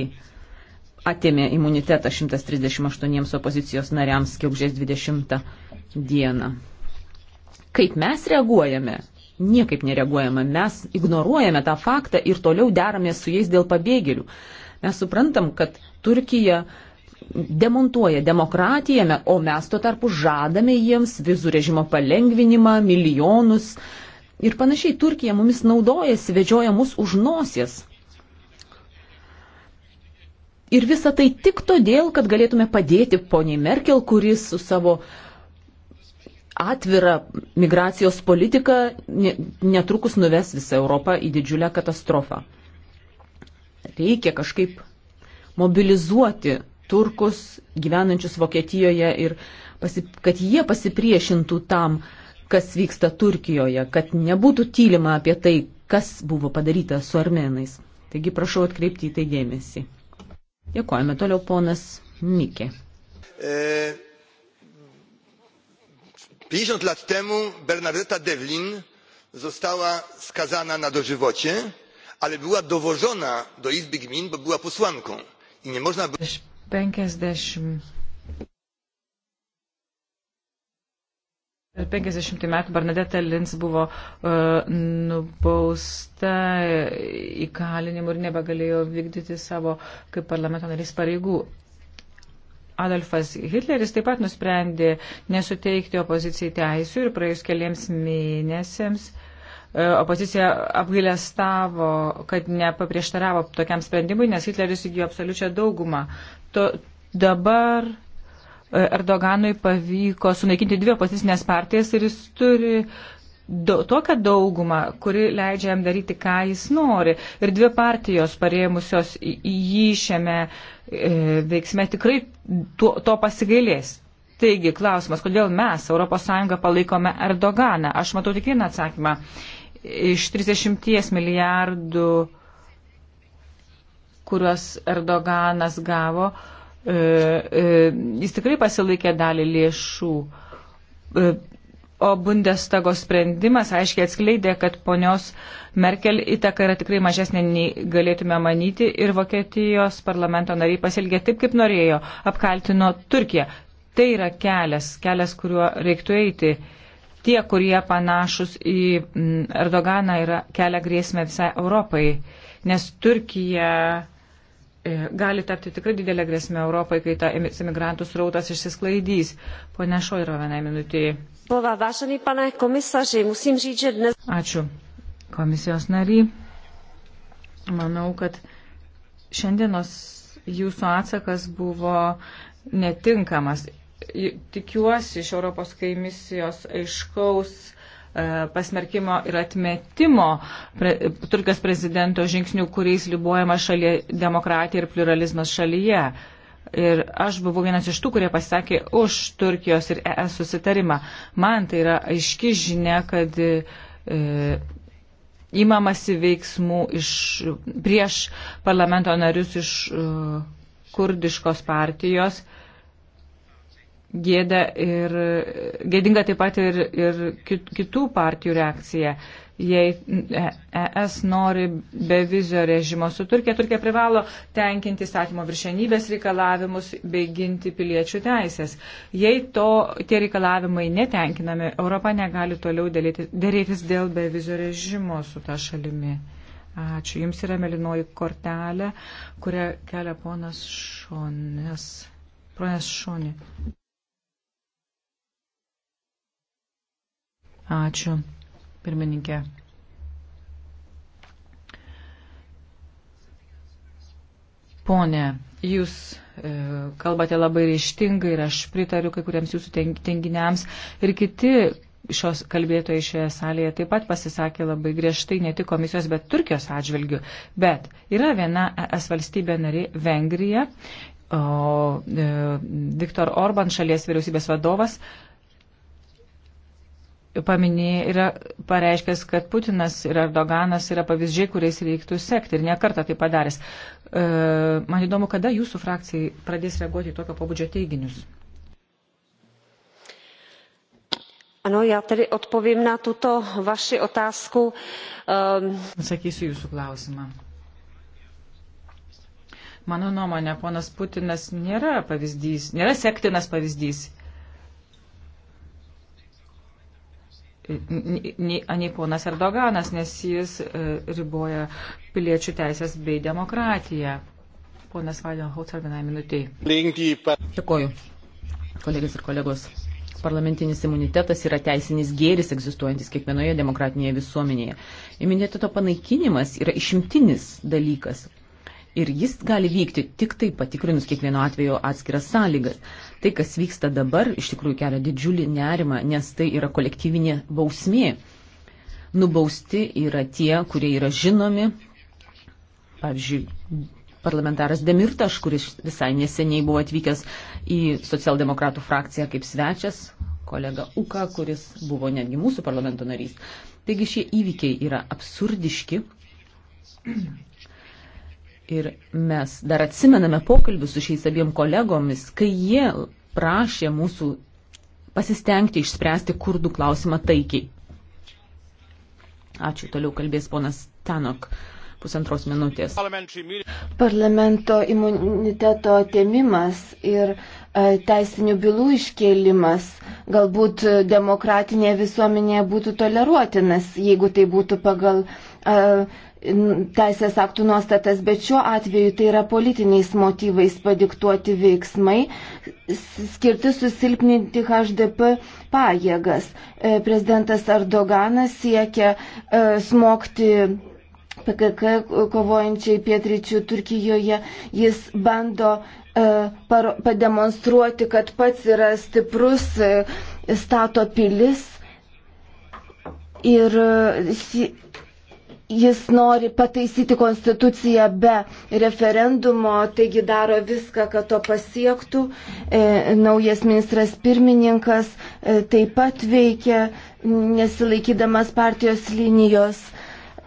atėmė imunitetą 138 opozicijos nariams kiaužės 20 dieną. Kaip mes reaguojame? Niekaip nereaguojame. Mes ignoruojame tą faktą ir toliau deramės su jais dėl pabėgėlių. Mes suprantam, kad Turkija demontuoja demokratiją, o mes tuo tarpu žadame jiems vizų režimo palengvinimą, milijonus ir panašiai. Turkija mumis naudojasi, vedžioja mus už nosies. Ir visa tai tik todėl, kad galėtume padėti poniai Merkel, kuris su savo uh, atvira migracijos politika netrukus nuves visą Europą į didžiulę katastrofą. Reikia kažkaip mobilizuoti turkus gyvenančius Vokietijoje ir pasi, kad jie pasipriešintų tam, kas vyksta Turkijoje, kad nebūtų tylima apie tai, kas buvo padaryta su armenais. Taigi prašau atkreipti į tai dėmesį. Dėkojame toliau ponas Mikė. E pięćdziesiąt lat temu bernadetta devlin została skazana na dożywocie ale była dowożona do izby gmin bo była posłanką i nie można było Per 50 metų Bernadette Lins buvo uh, nubausta įkalinimu ir nebegalėjo vykdyti savo kaip parlamento narys pareigų. Adolfas Hitleris taip pat nusprendė nesuteikti opozicijai teisų ir praėjus keliems mėnesiams e, opozicija apgailestavo, kad nepaprieštaravo tokiam sprendimui, nes Hitleris įgyjo absoliučią daugumą. To, dabar e, Erdoganui pavyko sunaikinti dvi opozicinės partijas ir jis turi tokią daugumą, kuri leidžia jam daryti, ką jis nori. Ir dvi partijos parėmusios jį šiame e, veiksme tikrai to, to pasigailės. Taigi, klausimas, kodėl mes, ES, palaikome Erdoganą? Aš matau tik vieną atsakymą. Iš 30 milijardų, kuriuos Erdoganas gavo, e, e, jis tikrai pasilaikė dalį lėšų. E, o Bundestago sprendimas aiškiai atskleidė, kad ponios Merkel įtaka yra tikrai mažesnė nei galėtume manyti ir Vokietijos parlamento nariai pasielgė taip, kaip norėjo, apkaltino Turkiją. Tai yra kelias, kelias, kuriuo reiktų eiti. Tie, kurie panašus į mm, Erdoganą, yra kelia grėsmę visai Europai, nes Turkija E, gali tapti tikrai didelė grėsmė Europai, kai ta emigrantų srautas išsisklaidys. Pone Šoiro, vienai minutėjai. Ačiū. Komisijos nariai, manau, kad šiandienos jūsų atsakas buvo netinkamas. Tikiuosi iš Europos komisijos aiškaus E, pasmerkimo ir atmetimo pre, Turkijos prezidento žingsnių, kuriais libuojama šalyje demokratija ir pluralizmas šalyje. Ir aš buvau vienas iš tų, kurie pasakė už Turkijos ir ES susitarimą. Man tai yra aiški žinia, kad e, įmamasi veiksmų iš, prieš parlamento narius iš e, kurdiškos partijos. E, gėda ir gėdinga taip pat ir, ir kitų partijų reakcija. Jei ES nori be vizio režimo su Turkija, Turkija privalo tenkinti statymo viršenybės reikalavimus bei ginti piliečių teisės. Jei to, tie reikalavimai netenkinami, Europa negali toliau dėrėtis dėl be vizio režimo su ta šalimi. Ačiū. Jums yra melinoji kortelė, kurią kelia ponas Šonės. Ponas Šonė. Ačiū, pirmininkė. Pone, jūs e, kalbate labai ryštingai ir aš pritariu kai kuriems jūsų tenginiams ir kiti šios kalbėtojai šioje salėje taip pat pasisakė labai griežtai ne tik komisijos, bet Turkijos atžvilgių. Bet yra viena es valstybė nari Vengrija, o e, Viktor Orban, šalies vyriausybės vadovas, e, paminėjai, yra pareiškęs, kad Putinas ir Erdoganas yra pavyzdžiai, kuriais reiktų sekti ir nekartą tai padaręs. E, man įdomu, kada jūsų frakcijai pradės reaguoti į tokio pabudžio teiginius. Ano, já tedy odpovím na tuto vaši otázku. Um... Atsakysiu jūsų klausimą. Mano nuomonė, ponas Putinas nėra pavyzdys, nėra sektinas pavyzdys nei ponas Erdoganas, nes jis e, riboja piliečių teisės bei demokratiją. Ponas Valenhauser vienai minutiai. Dėkoju. Kolegės ir kolegos, parlamentinis imunitetas yra teisinis gėris egzistuojantis kiekvienoje demokratinėje visuomenėje. Imuniteto panaikinimas yra išimtinis dalykas, ir jis gali vykti tik tai patikrinus kiekvieno atveju atskiras sąlygas. Tai, kas vyksta dabar, iš tikrųjų kelia didžiulį nerimą, nes tai yra kolektyvinė bausmė. Nubausti yra tie, kurie yra žinomi. Pavyzdžiui, parlamentaras Demirtaš, kuris visai neseniai buvo atvykęs į socialdemokratų frakciją kaip svečias, kolega Uka, kuris buvo netgi mūsų parlamento narys. Taigi šie įvykiai yra absurdiški Ir mes dar atsimename pokalbius su šiais abiem kolegomis, kai jie prašė mūsų pasistengti išspręsti kurdų klausimą taikiai. Ačiū, toliau kalbės ponas Tanok. Pusantros minutės. Parlamento imuniteto atėmimas ir e, teisinių bylų iškėlimas galbūt demokratinėje visuomenėje būtų toleruotinas, jeigu tai būtų pagal uh, teisės aktų nuostatas, bet šiuo atveju tai yra politiniais motyvais padiktuoti veiksmai, skirti susilpninti HDP pajėgas. E, prezidentas Erdoganas siekia e, smokti PKK kovojančiai pietryčių Turkijoje, jis bando e, pademonstruoti, kad pats yra stiprus, stato pilis ir jis nori pataisyti konstituciją be referendumo, taigi daro viską, kad to pasiektų. E, naujas ministras pirmininkas e, taip pat veikia, nesilaikydamas partijos linijos.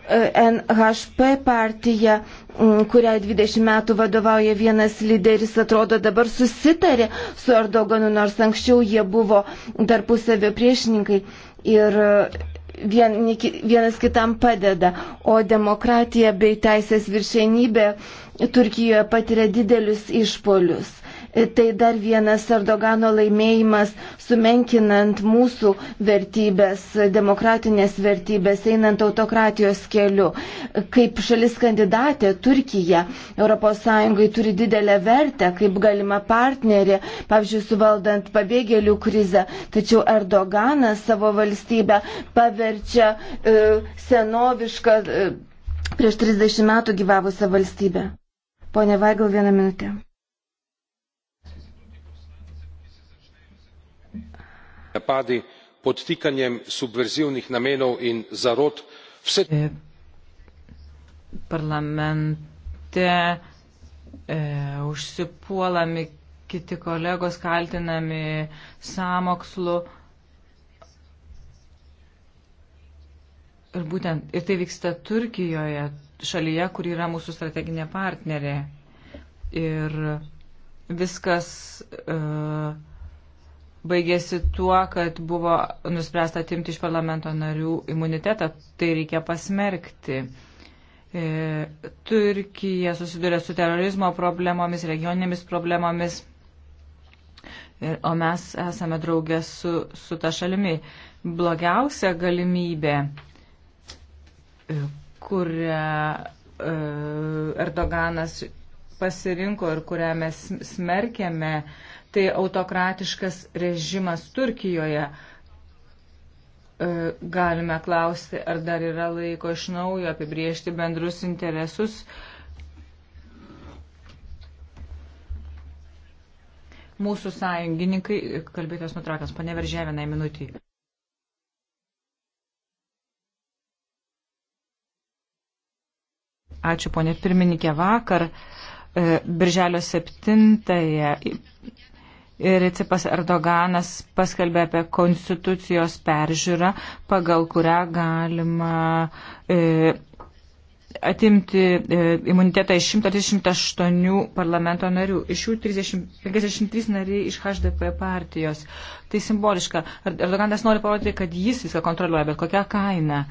E, NHP partija, kuriai 20 metų vadovauja vienas lyderis, atrodo dabar susitarė su Erdoganu, nors anksčiau jie buvo tarpusavio priešininkai. Ir vien, vienas kitam padeda, o demokratija bei teisės viršenybė Turkijoje patiria didelius išpolius. Tai dar vienas Erdogano laimėjimas, sumenkinant mūsų vertybės, demokratinės vertybės, einant autokratijos keliu. Kaip šalis kandidatė, Turkija ES turi didelę vertę, kaip galima partnerė, pavyzdžiui, suvaldant pabėgėlių krizę. Tačiau Erdoganas savo valstybę paverčia e, senovišką. E, prieš 30 metų gyvavusią valstybę. Pone Vaigal, vieną minutę. napadi podtikanjem subverzivnih namenov in zarot vse. E, parlamente e, užsipuolami kiti kolegos kaltinami sąmokslu ir būtent ir tai vyksta Turkijoje, šalyje, kur yra mūsų strateginė partnerė. Ir viskas uh, e, baigėsi tuo, kad buvo nuspręsta atimti iš parlamento narių imunitetą. Tai reikia pasmerkti. E, Turkija susiduria su terorizmo problemomis, regioninėmis problemomis, ir, o mes esame draugė su, su ta šalimi. Blogiausia galimybė, e, kurią e, Erdoganas pasirinko ir kurią mes smerkėme, e, tai autokratiškas režimas Turkijoje. E, galime klausti, ar dar yra laiko iš naujo apibriežti bendrus interesus. Mūsų sąjungininkai, kalbėtas nutrakas, paneveržė vienai minutį. Ačiū, ponė pirmininkė, vakar. E, birželio 7-ąją Recipas Erdoganas paskelbė apie konstitucijos peržiūrą, pagal kurią galima e, atimti e, imunitetą iš 138 parlamento narių, iš jų 30, 53 nariai iš HDP partijos. Tai simboliška. Erdoganas nori parodyti, kad jis viską kontroliuoja, bet kokią kainą.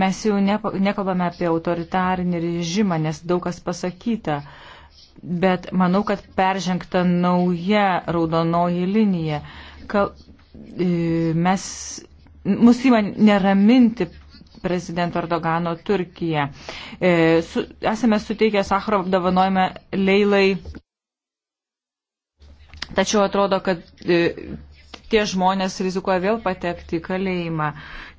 Mes jau ne, nekalbame apie autoritarinį režimą, nes daug kas pasakyta. E, bet manau, kad peržengta nauja raudonoji linija. Kal, e, mes, mus įma neraminti prezidento Erdogano Turkija. E, su, esame suteikę Sakro apdovanojimą Leilai. Tačiau atrodo, kad e, tie žmonės rizikuoja vėl patekti į kalėjimą,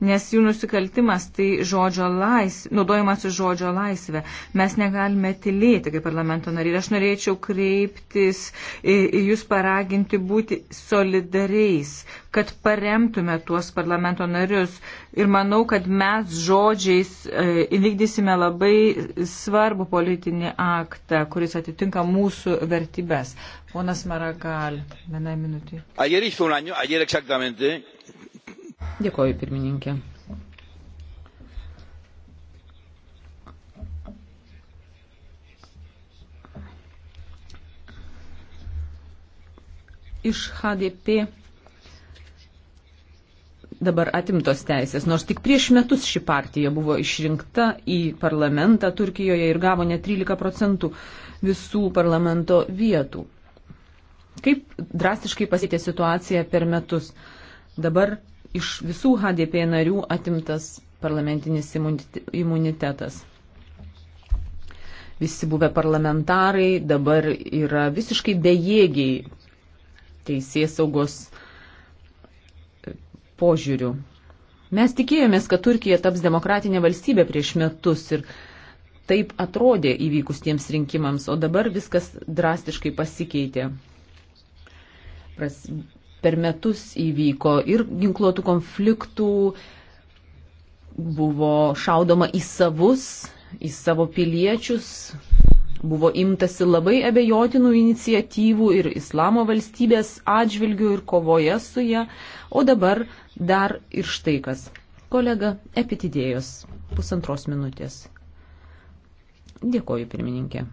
nes jų nusikaltimas tai žodžio laisvė, naudojimas į žodžio laisvę. Mes negalime tylėti kaip parlamento nariai. Aš norėčiau kreiptis į, į jūs paraginti būti solidariais, kad paremtume tuos parlamento narius. Ir manau, kad mes žodžiais e, įvykdysime labai svarbų politinį aktą, kuris atitinka mūsų vertybės. Ponas Maragal, vienai minutį. Dėkoju, pirmininkė. iš HDP dabar atimtos teisės, nors tik prieš metus ši partija buvo išrinkta į parlamentą Turkijoje ir gavo net 13 procentų visų parlamento vietų. Kaip drastiškai pasitė situacija per metus? Dabar iš visų HDP narių atimtas parlamentinis imunitetas. Visi buvę parlamentarai dabar yra visiškai bejėgiai teisės saugos požiūrių. Mes tikėjomės, kad Turkija taps demokratinė valstybė prieš metus ir taip atrodė įvykus tiems rinkimams, o dabar viskas drastiškai pasikeitė. Pras, per metus įvyko ir ginkluotų konfliktų, buvo šaudoma į savus, į savo piliečius, Buvo imtasi labai abejotinų iniciatyvų ir islamo valstybės atžvilgių ir kovoje su ją, o dabar dar ir štai kas. Kolega Epitidėjos, pusantros minutės. Dėkoju, pirmininkė.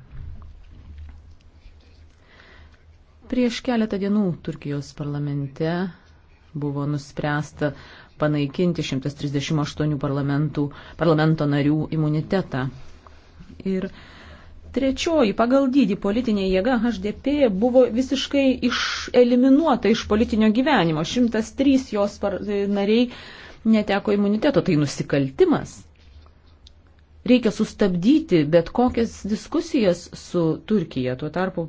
Prieš keletą dienų Turkijos parlamente buvo nuspręsta panaikinti 138 parlamento narių imunitetą. Ir Trečioji pagal dydį politinė jėga HDP buvo visiškai iš, eliminuota iš politinio gyvenimo. 103 jos par, e, nariai neteko imuniteto. Tai nusikaltimas. Reikia sustabdyti bet kokias diskusijas su Turkija. Tuo tarpu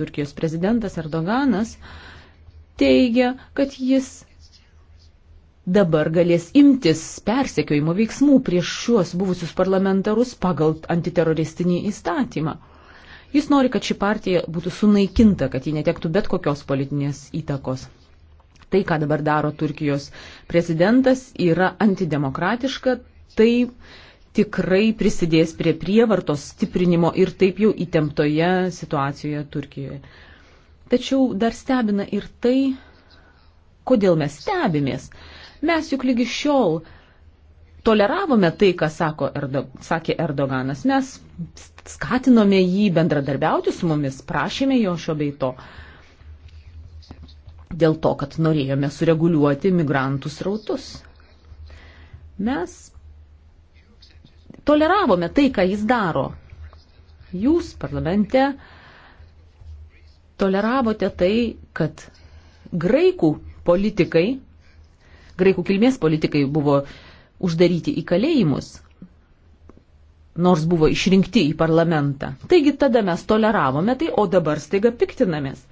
Turkijos prezidentas Erdoganas teigia, kad jis dabar galės imtis persekiojimo veiksmų prieš šiuos buvusius parlamentarus pagal antiteroristinį įstatymą. Jis nori, kad ši partija būtų sunaikinta, kad ji netektų bet kokios politinės įtakos. Tai, ką dabar daro Turkijos prezidentas, yra antidemokratiška, tai tikrai prisidės prie prievartos stiprinimo ir taip jau įtemptoje situacijoje Turkijoje. Tačiau dar stebina ir tai, kodėl mes stebimės. Mes juk lygi šiol toleravome tai, ką sako Erdo, sakė Erdoganas. Mes skatinome jį bendradarbiauti su mumis, prašėme jo šio bei to. Dėl to, kad norėjome sureguliuoti migrantų srautus. Mes toleravome tai, ką jis daro. Jūs parlamente toleravote tai, kad graikų politikai graikų kilmės politikai buvo uždaryti į kalėjimus, nors buvo išrinkti į parlamentą. Taigi tada mes toleravome tai, o dabar staiga piktinamės.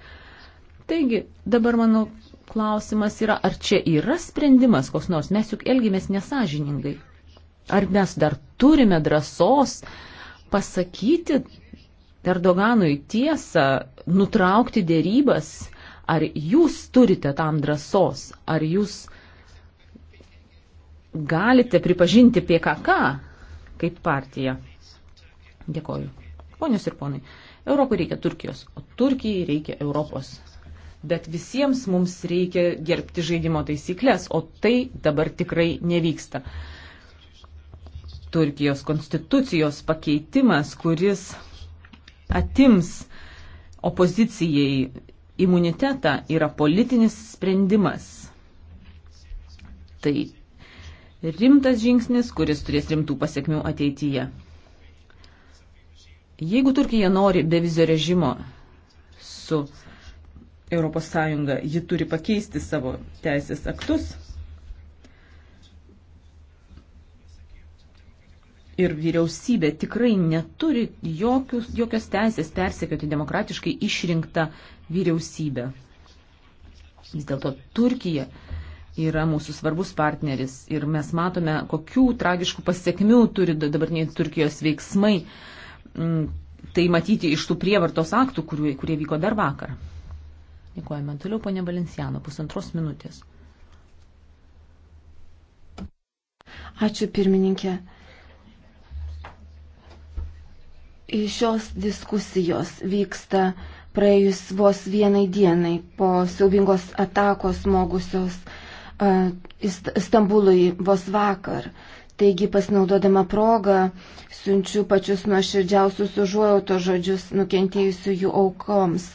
Taigi dabar mano klausimas yra, ar čia yra sprendimas koks nors, mes juk elgėmės nesažiningai. Ar mes dar turime drąsos pasakyti Erdoganui tiesą, nutraukti dėrybas, ar jūs turite tam drąsos, ar jūs galite pripažinti PKK kaip partiją. Dėkoju. Ponios ir ponai, Europai reikia Turkijos, o Turkijai reikia Europos. Bet visiems mums reikia gerbti žaidimo taisyklės, o tai dabar tikrai nevyksta. Turkijos konstitucijos pakeitimas, kuris atims opozicijai imunitetą, yra politinis sprendimas. Tai rimtas žingsnis, kuris turės rimtų pasiekmių ateityje. Jeigu Turkija nori bevizio režimo su ES, ji turi pakeisti savo teisės aktus ir vyriausybė tikrai neturi jokius, jokios teisės persekioti demokratiškai išrinktą vyriausybę. Vis dėlto Turkija yra mūsų svarbus partneris ir mes matome, kokių tragiškų pasiekmių turi dabartiniai Turkijos veiksmai. Mm, tai matyti iš tų prievartos aktų, kurie, kurie vyko dar vakar. Dėkojame toliau, ponė Valenciano, pusantros minutės. Ačiū pirmininkė. Iš šios diskusijos vyksta praėjus vos vienai dienai po siaubingos atakos smogusios Stambului vos vakar. Taigi pasinaudodama progą siunčiu pačius nuoširdžiausius užuojauto žodžius nukentėjusiųjų aukoms.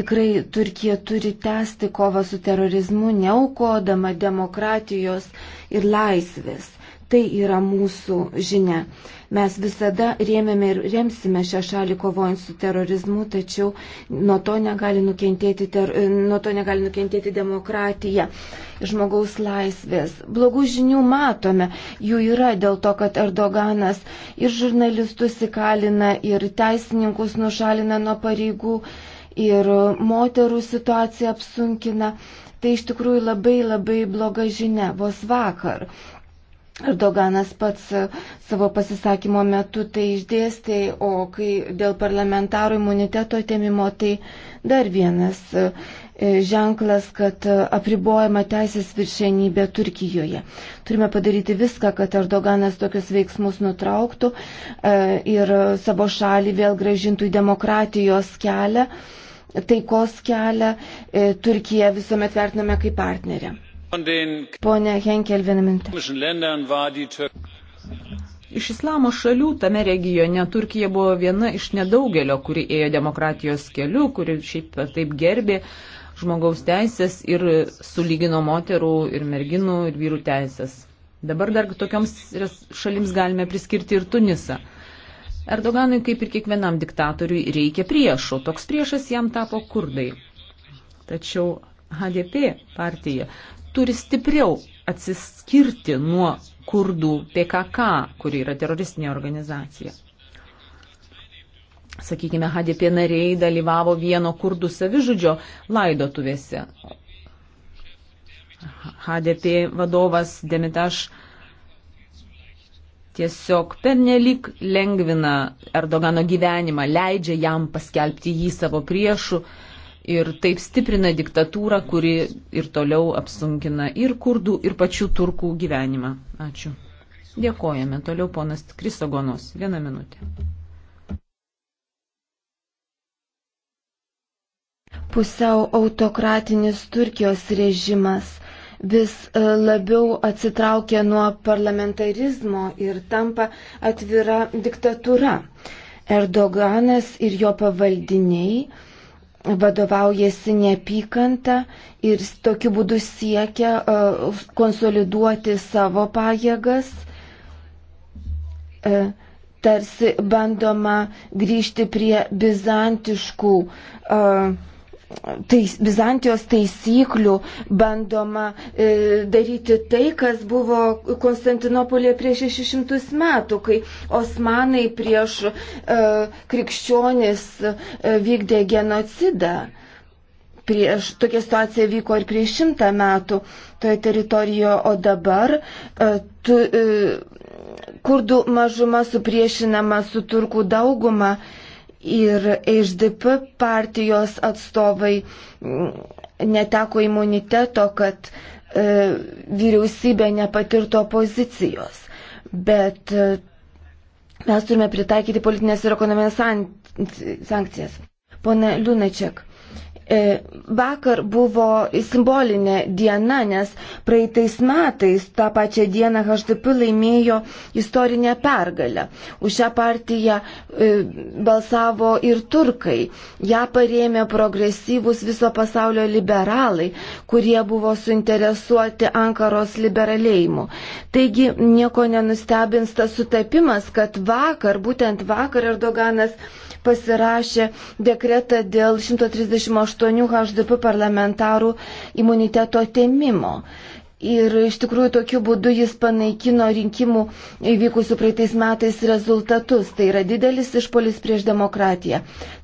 Tikrai Turkija turi tęsti kovą su terorizmu, neaukodama demokratijos ir laisvės. Tai yra mūsų žinia. Mes visada rėmėme ir remsime šią šalį kovojant su terorizmu, tačiau nuo to negali nukentėti, ter, nuo to negali nukentėti demokratija, žmogaus laisvės. Blogų žinių matome, jų yra dėl to, kad Erdoganas ir žurnalistus įkalina, ir teisininkus nušalina nuo pareigų, ir moterų situaciją apsunkina. Tai iš tikrųjų labai labai bloga žinia. Vos vakar Erdoganas pats e, savo pasisakymo metu tai išdėstė, o kai dėl parlamentarų imuniteto atėmimo, tai dar vienas e, e, ženklas, kad apribojama teisės viršenybė Turkijoje. Turime padaryti viską, kad Erdoganas tokius veiksmus nutrauktų ir savo šalį vėl gražintų į demokratijos kelią, taikos kelią. Turkiją visuomet vertiname kaip partnerę. Pone Henkel, vieną minutę. Iš islamo šalių tame regione Turkija buvo viena iš nedaugelio, kuri ėjo demokratijos keliu, kuri šiaip taip gerbė žmogaus teisės ir sulygino moterų ir merginų ir vyrų teisės. Dabar dar tokioms šalims galime priskirti ir Tunisą. Erdoganui, kaip ir kiekvienam diktatoriui, reikia priešų. Toks priešas jam tapo kurdai. Tačiau HDP partija turi stipriau atsiskirti nuo kurdų PKK, kuri yra teroristinė organizacija. Sakykime, HDP nariai dalyvavo vieno kurdų savižudžio laidotuvėse. HDP vadovas Demitaš tiesiog pernelik lengvina Erdogano gyvenimą, leidžia jam paskelbti jį savo priešų, uh, ir taip stiprina diktatūrą, kuri ir toliau apsunkina ir kurdų, ir pačių turkų gyvenimą. Ačiū. Dėkojame. Toliau ponas Krisogonos. Vieną minutę. Pusiau autokratinis Turkijos režimas vis e, labiau atsitraukia nuo parlamentarizmo ir tampa atvira diktatūra. Erdoganas ir jo pavaldiniai vadovaujasi neapykanta ir tokiu būdu siekia e, konsoliduoti savo pajėgas, e, tarsi bandoma grįžti prie bizantiškų e, tais, Bizantijos taisyklių bandoma e, daryti tai, kas buvo Konstantinopolė prieš 600 metų, kai osmanai prieš e, krikščionis e, vykdė genocidą. Prieš, tokia situacija vyko ir prieš šimtą metų toje teritorijoje, o dabar e, tu, e, kurdų mažuma supriešinama su turkų dauguma. E, ir HDP partijos atstovai mm, neteko imuniteto, kad e, vyriausybė nepatirtų opozicijos. Bet e, mes turime pritaikyti politinės ir ekonominės sankcijas. Pone Liunačiak, E, vakar buvo simbolinė diena, nes praeitais metais tą pačią dieną HDP laimėjo istorinę pergalę. Už šią partiją e, balsavo ir turkai. Ja parėmė progresyvus viso pasaulio liberalai, kurie buvo suinteresuoti Ankaros liberalėjimu. Taigi nieko nenustebins tas sutapimas, kad vakar, būtent vakar Erdoganas pasirašė dekretą dėl 138 HDP parlamentarų imuniteto temimo. Ir iš tikrųjų tokiu būdu jis panaikino rinkimų įvykusių praeitais metais rezultatus. Tai yra didelis išpolis prieš demokratiją.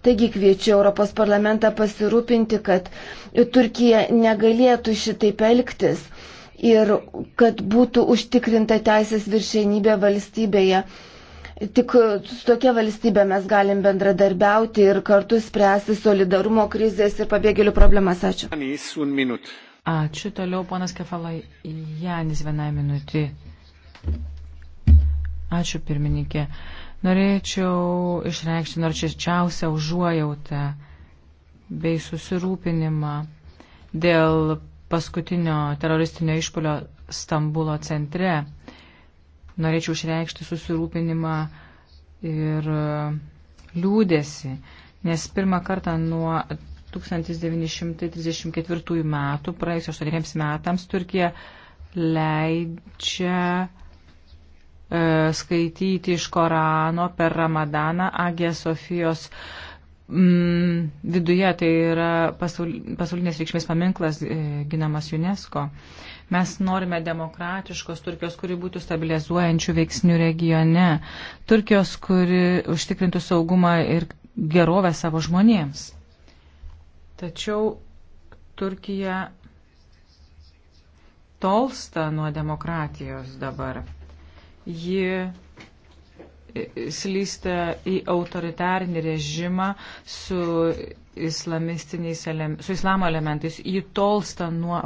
Taigi kviečiu Europos parlamentą pasirūpinti, kad Turkija negalėtų šitaip elgtis ir kad būtų užtikrinta teisės viršenybė valstybėje Tik su tokia valstybė mes galim bendradarbiauti ir kartu spręsti solidarumo krizės ir pabėgėlių problemas. Ačiū. Ačiū. Toliau ponas Kefalai Janis vienai minutį. Ačiū pirmininkė. Norėčiau išreikšti norčiausią užuojautą bei susirūpinimą dėl paskutinio teroristinio išpolio Stambulo centre norėčiau išreikšti susirūpinimą ir liūdėsi, nes pirmą kartą nuo 1934 metų, praėjus 8 metams, Turkija leidžia e, skaityti iš Korano per Ramadaną Agė Sofijos mm, viduje, tai yra pasaul, pasaulinės reikšmės paminklas e, ginamas UNESCO. E, Mes norime demokratiškos Turkijos, kuri būtų stabilizuojančių veiksnių regione. Turkijos, kuri užtikrintų saugumą ir gerovę savo žmonėms. Tačiau Turkija tolsta nuo demokratijos dabar. Ji slysta į autoritarnį režimą su islamistiniais, su islamo elementais, ji tolsta nuo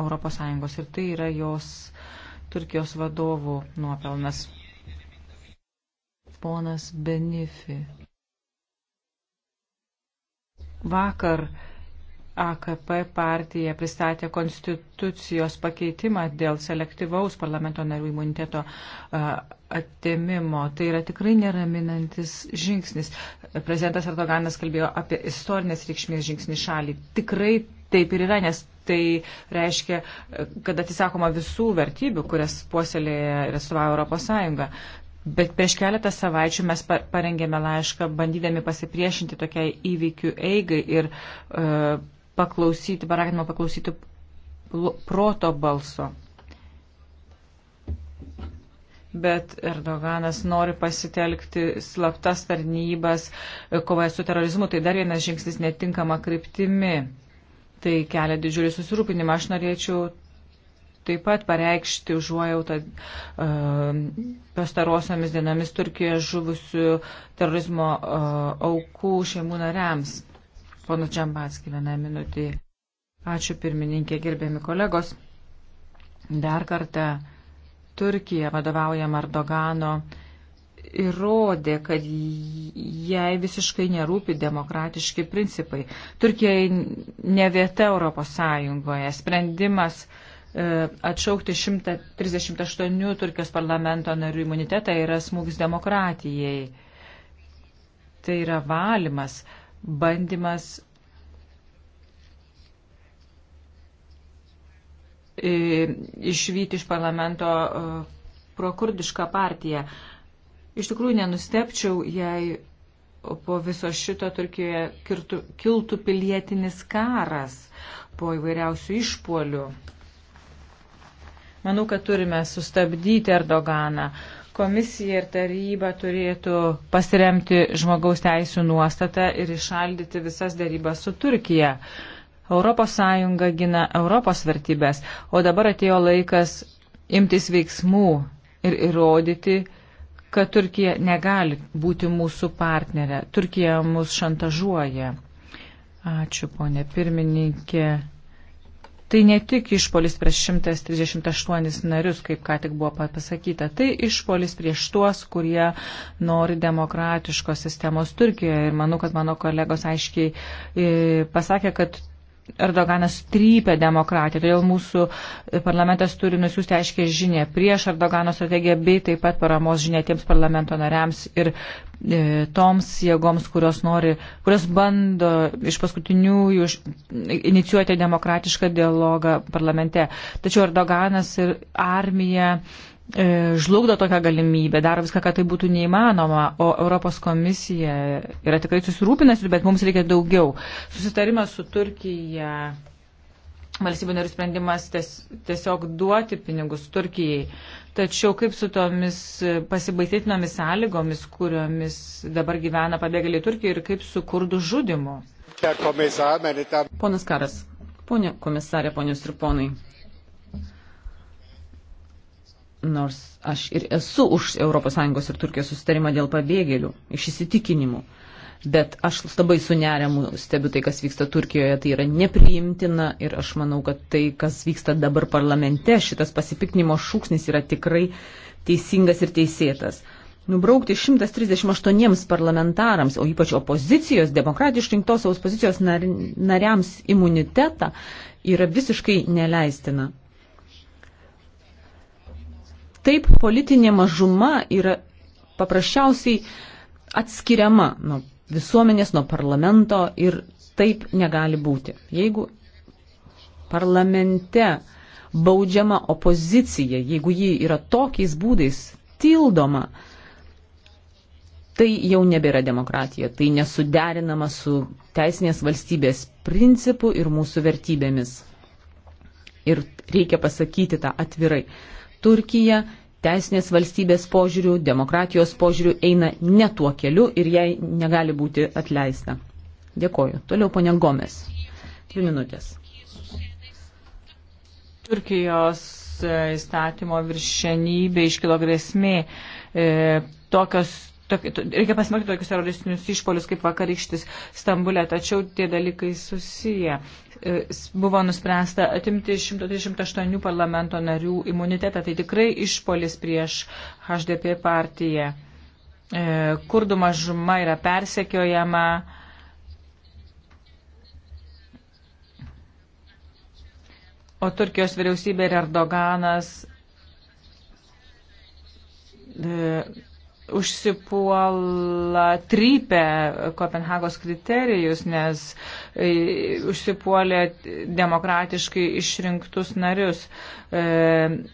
ES ir tai yra jos Turkijos vadovų nuopelnas. Ponas Benifi. Vakar AKP partija pristatė konstitucijos pakeitimą dėl selektyvaus parlamento narių imuniteto atėmimo. Tai yra tikrai neraminantis žingsnis. Prezidentas Erdoganas kalbėjo apie istorinės reikšmės žingsnį šalį. Tikrai taip ir yra, nes tai reiškia, kad atsisakoma visų vertybių, kurias puoselėje ir atstovauja Europos Sąjunga. Bet prieš keletą savaičių mes parengėme laišką, bandydami pasipriešinti tokiai įvykių eigai ir uh, paklausyti, paraginimo paklausyti proto balso. Bet Erdoganas nori pasitelkti slaptas tarnybas, e, kovoja su terorizmu, tai dar vienas žingsnis netinkama kryptimi. Tai kelia didžiulį susirūpinimą. Aš norėčiau taip pat pareikšti užuojautą uh, e, pastarosiamis dienomis Turkijoje žuvusių terorizmo uh, aukų šeimų nariams. Pono Čambatski vieną minutį. Ačiū pirmininkė, gerbėmi kolegos. Dar kartą Turkija vadovaujama Erdogano įrodė, kad jai visiškai nerūpi demokratiški principai. Turkijai ne vieta Europos Sąjungoje. Sprendimas e, atšaukti 138 Turkijos parlamento narių imunitetą yra smūgis demokratijai. Tai yra valymas. E, bandymas e, išvykti iš parlamento e, prokurdišką partiją. Iš tikrųjų nenustepčiau, jei po viso šito Turkijoje kirtų, kiltų pilietinis karas po įvairiausių išpolių. Manau, kad turime sustabdyti Erdoganą. Uh, Komisija ir taryba turėtų pasiremti žmogaus teisų nuostatą ir išaldyti visas dėrybas su Turkija. ES gina Europos vertybės, o dabar atėjo laikas imtis veiksmų ir įrodyti, kad Turkija negali būti mūsų partnerė. Turkija mus šantažuoja. Ačiū, ponė pirmininkė. Tai ne tik išpolis prieš 138 narius, kaip ką tik buvo pasakyta, tai išpolis prieš tuos, kurie nori demokratiškos sistemos Turkijoje. Ir manau, kad mano kolegos aiškiai e, pasakė, kad Erdoganas trypia demokratiją, todėl mūsų parlamentas turi nusiųsti aiškiai žinę prieš Erdogano strategiją, bei taip pat paramos žinę tiems parlamento nariams ir e, toms jėgoms, kurios nori, kurios bando iš paskutinių iš, inicijuoti demokratišką dialogą parlamente. Tačiau Erdoganas ir armija E, žlugdo tokią galimybę, daro viską, kad tai būtų neįmanoma, o Europos komisija yra tikrai susirūpinasi, bet mums reikia daugiau. Susitarimas su Turkija, valstybių narių sprendimas ties, tiesiog duoti pinigus Turkijai, tačiau kaip su tomis pasibaisytinomis sąlygomis, kuriomis dabar gyvena pabėgėliai Turkijai ir kaip su kurdų žudimu. Ponas Karas, ponė komisarė, ponios ir ponai nors aš ir esu už ES ir Turkijos susitarimą dėl pabėgėlių, iš įsitikinimų, bet aš labai su nerimu stebiu tai, kas vyksta Turkijoje, tai yra nepriimtina ir aš manau, kad tai, kas vyksta dabar parlamente, šitas pasipiknimo šūksnis yra tikrai teisingas ir teisėtas. Nubraukti 138 parlamentarams, o ypač opozicijos, demokratiškai rinktos opozicijos nariams imunitetą yra visiškai neleistina Taip politinė mažuma yra paprasčiausiai atskiriama nuo visuomenės, nuo parlamento ir taip negali būti. Jeigu parlamente baudžiama opozicija, jeigu ji yra tokiais būdais tildoma, tai jau nebėra demokratija, tai nesuderinama su teisinės valstybės principu ir mūsų vertybėmis. Ir reikia pasakyti tą atvirai. Turkija teisinės valstybės požiūrių, demokratijos požiūrių eina ne tuo keliu ir jai negali būti atleista. Dėkoju. Toliau ponia Gomes. Dvi minutės. Turkijos e, įstatymo viršenybė iškilo grėsmė. E, tokios reikia pasmerkti tokius teroristinius išpolius kaip vakarykštis Stambulė, tačiau tie dalykai susiję. E, buvo nuspręsta atimti 138 parlamento narių imunitetą. Tai tikrai išpolis prieš HDP partiją. E, kurdų mažuma yra persekiojama. O Turkijos vyriausybė ir Erdoganas e, užsipuola trypę Kopenhagos kriterijus, nes e, užsipuolė demokratiškai išrinktus narius. E,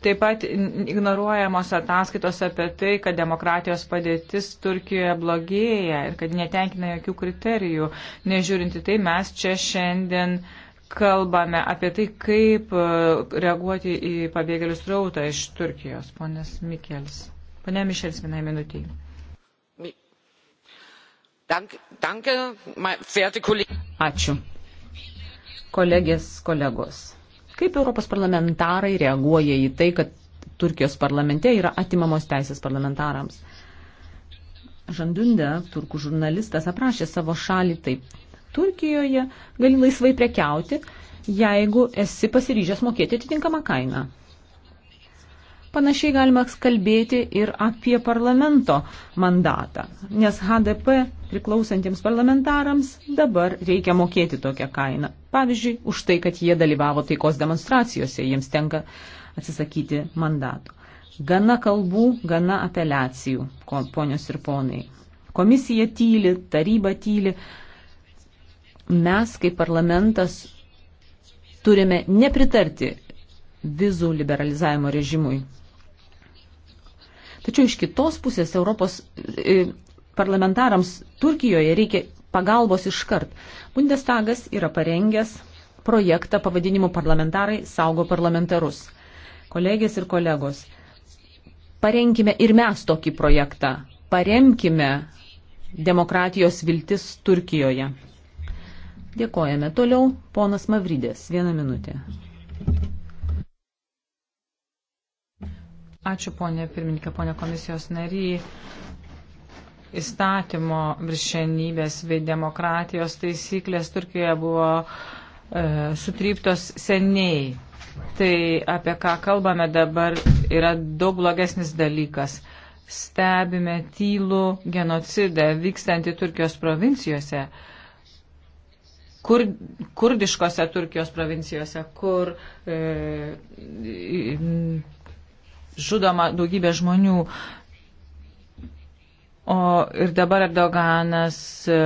taip pat ignoruojamos ataskaitos apie tai, kad demokratijos padėtis Turkijoje blogėja ir kad netenkina jokių kriterijų. Nežiūrinti tai, mes čia šiandien kalbame apie tai, kaip e, reaguoti į pabėgėlius rautą iš Turkijos, ponas Mikels. Pane Mišels, vienai minutiai. Ačiū. Kolegės, kolegos. Kaip Europos parlamentarai reaguoja į tai, kad Turkijos parlamente yra atimamos teisės parlamentarams? Žandunde, turkų žurnalistas, aprašė savo šalį taip. Turkijoje gali laisvai prekiauti, jeigu esi pasiryžęs mokėti atitinkamą kainą. Panašiai galima kalbėti ir apie parlamento mandatą, nes HDP priklausantiems parlamentarams dabar reikia mokėti tokią kainą. Pavyzdžiui, už tai, kad jie dalyvavo taikos demonstracijose, jiems tenka atsisakyti mandato. Gana kalbų, gana apeliacijų, ponios ir ponai. Komisija tyli, taryba tyli. Mes kaip parlamentas turime nepritarti vizų liberalizavimo režimui Tačiau iš kitos pusės Europos e, parlamentarams Turkijoje reikia pagalbos iškart. Bundestagas yra parengęs projektą pavadinimu Parlamentarai saugo parlamentarus. Kolegės ir kolegos, parenkime ir mes tokį projektą. Paremkime demokratijos viltis Turkijoje. Dėkojame. Toliau ponas Mavrydės. Vieną minutę. Ačiū, ponė pirmininkė, ponė komisijos nariai. Įstatymo viršenybės bei demokratijos taisyklės Turkijoje buvo e, sutryptos seniai. Tai apie ką kalbame dabar yra daug blogesnis dalykas. Stebime tylų genocidą vykstantį Turkijos provincijose kur, kurdiškose Turkijos provincijose, kur e, žudoma daugybė žmonių. O ir dabar Erdoganas e,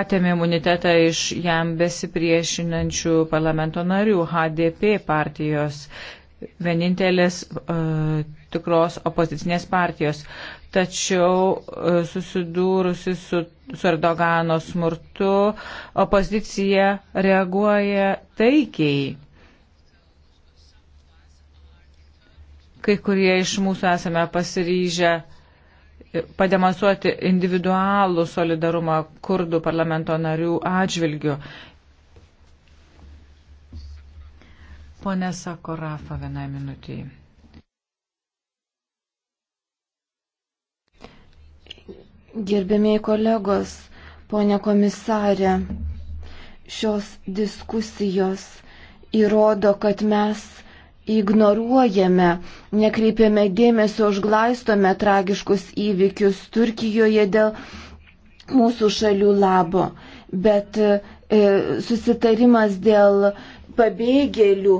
atėmė imunitetą iš jam besipriešinančių parlamento narių HDP partijos, vienintelės uh, tikros opozicinės partijos. Tačiau uh, susidūrusi su, su Erdogano smurtu, opozicija reaguoja taikiai Kai kurie iš mūsų esame pasiryžę pademonstruoti individualų solidarumą kurdų parlamento narių atžvilgių. Pone Sakorafa, vienai minutį. Gerbėmiai kolegos, ponė komisarė, šios diskusijos įrodo, kad mes ignoruojame, nekreipiame dėmesio, užglaistome tragiškus įvykius Turkijoje dėl mūsų šalių labo. Bet e, susitarimas dėl pabėgėlių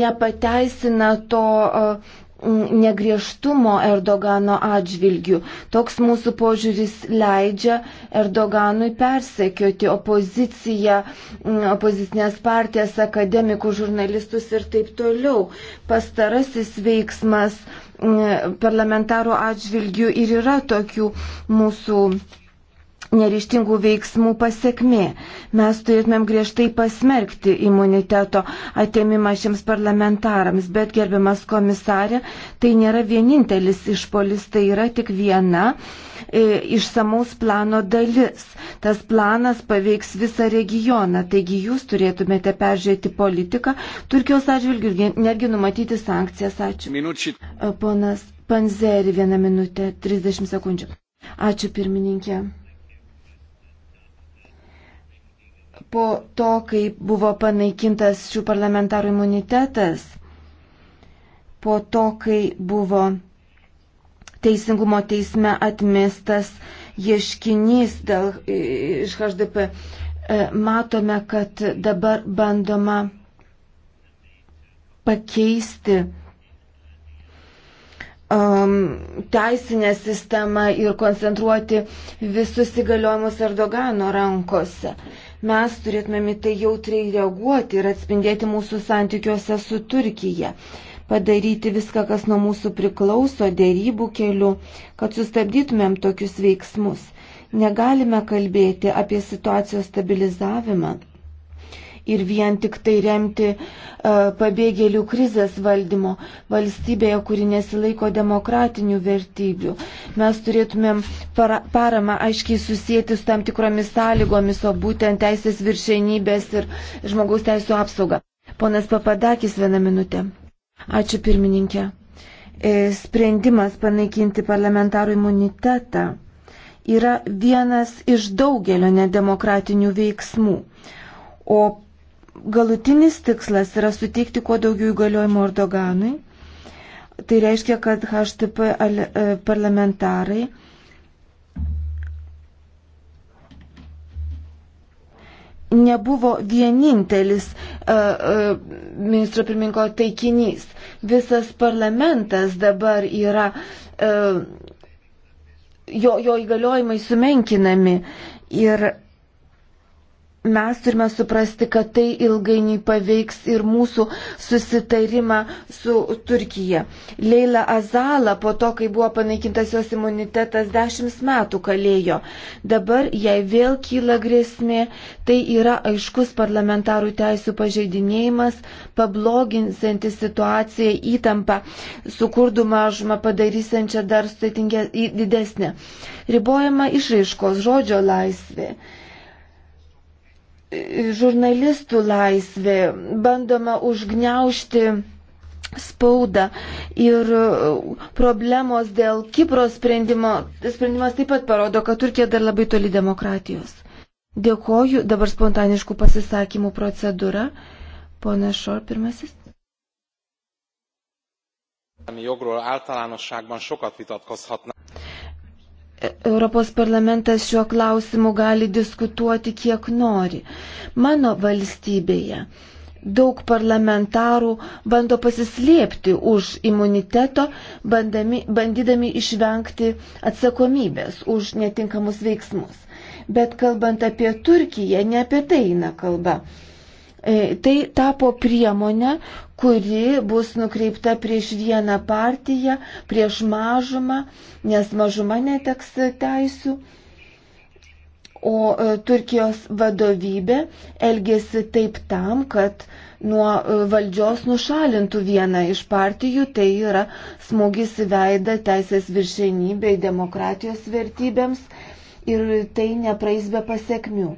nepateisina to e, negriežtumo Erdogano atžvilgių. Toks mūsų požiūris leidžia Erdoganui persekioti opoziciją, mm, opozicinės partijas, akademikus, žurnalistus ir taip toliau. Pastarasis veiksmas mm, parlamentarų atžvilgių ir yra tokių mūsų neryštingų veiksmų pasiekmė. Mes turėtumėm griežtai pasmerkti imuniteto atėmimą šiems parlamentarams, bet gerbiamas komisarė, tai nėra vienintelis išpolis, tai yra tik viena e, išsamaus plano dalis. Tas planas paveiks visą regioną, taigi jūs turėtumėte peržiūrėti politiką Turkijos atžvilgių, netgi numatyti sankcijas. Ačiū. Minučiai. E, ponas Panzeri, vieną minutę, 30 sekundžių. Ačiū pirmininkė. po to, kai buvo panaikintas šių parlamentarų imunitetas, po to, kai buvo Teisingumo teisme atmestas ieškinys dėl, iš HDP, e, matome, kad dabar bandoma pakeisti um, teisinę sistemą ir koncentruoti visus įgaliojimus Erdogano rankose mes turėtumėm į tai jautriai reaguoti ir atspindėti mūsų santykiuose su Turkija. Padaryti viską, kas nuo mūsų priklauso dėrybų keliu, kad sustabdytumėm tokius veiksmus. Negalime kalbėti apie situacijos stabilizavimą, ir vien tik tai remti e, pabėgėlių krizės valdymo valstybėje, kuri nesilaiko demokratinių vertybių. Mes turėtumėm para, paramą aiškiai susijęti su tam tikromis sąlygomis, o būtent teisės viršenybės ir žmogaus teisų apsauga. Ponas Papadakis vieną minutę. Ačiū pirmininkė. E, sprendimas panaikinti parlamentarų imunitetą yra vienas iš daugelio nedemokratinių veiksmų. O galutinis tikslas yra suteikti kuo daugiau įgaliojimų Erdoganui. Tai reiškia, kad HTP e, parlamentarai nebuvo vienintelis uh, uh, ministro pirminko taikinys. Visas parlamentas dabar yra, uh, jo, jo įgaliojimai sumenkinami ir Mes turime suprasti, kad tai ilgainiui paveiks ir mūsų susitarimą su Turkija. Leila Azala po to, kai buvo panaikintas jos imunitetas, dešimt metų kalėjo. Dabar jai vėl kyla grėsmė, tai yra aiškus parlamentarų teisų pažeidinėjimas, pabloginsanti situaciją įtampą, sukurdų mažumą padarysiančią dar sudėtingę didesnę. Ribojama išraiškos žodžio laisvė žurnalistų laisvė, bandoma užgneušti spaudą ir uh, problemos dėl Kipro sprendimo. Sprendimas taip pat parodo, kad Turkija dar labai toli demokratijos. Dėkoju, dabar spontaniškų pasisakymų procedūra. Pone Šor, pirmasis. Jogról általánosságban sokat vitatkozhatna. Europos parlamentas šiuo klausimu gali diskutuoti kiek nori. Mano valstybėje daug parlamentarų bando pasislėpti už imuniteto, bandami, bandydami išvengti atsakomybės už netinkamus veiksmus. Bet kalbant apie Turkiją, ne apie tai eina kalba. E, tai tapo priemonė, kuri bus nukreipta prieš vieną partiją, prieš mažumą, nes mažuma neteks teisų. O e, Turkijos vadovybė elgėsi taip tam, kad nuo e, valdžios nušalintų vieną iš partijų, tai yra smūgis į veidą teisės viršenybei, demokratijos vertybėms ir tai nepraeis be pasiekmių.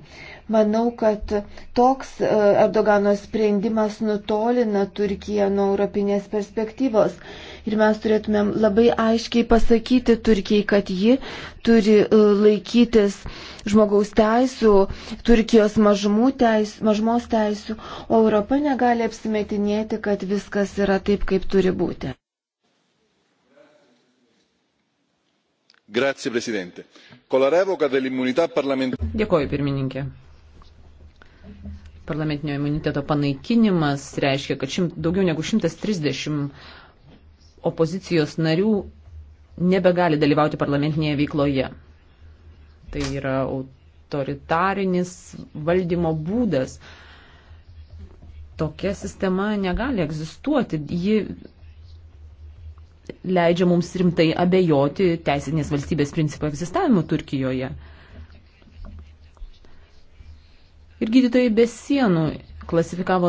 Manau, kad toks e, Erdogano sprendimas nutolina Turkiją nuo europinės perspektyvos. Ir mes turėtumėm labai aiškiai pasakyti Turkijai, kad ji turi e, laikytis žmogaus teisų, Turkijos teis, mažumos teisų, o Europa negali apsimetinėti, kad viskas yra taip, kaip turi būti. Grazie, Presidente. Con la revoca dell'immunità parlamentare. Dėkoju, pirmininkė parlamentinio imuniteto panaikinimas reiškia, kad šimt, daugiau negu 130 opozicijos narių nebegali dalyvauti parlamentinėje veikloje. Tai yra autoritarinis valdymo būdas. Tokia sistema negali egzistuoti. Ji leidžia mums rimtai abejoti teisinės valstybės principų egzistavimu Turkijoje. ir gydytojai be sienų klasifikavo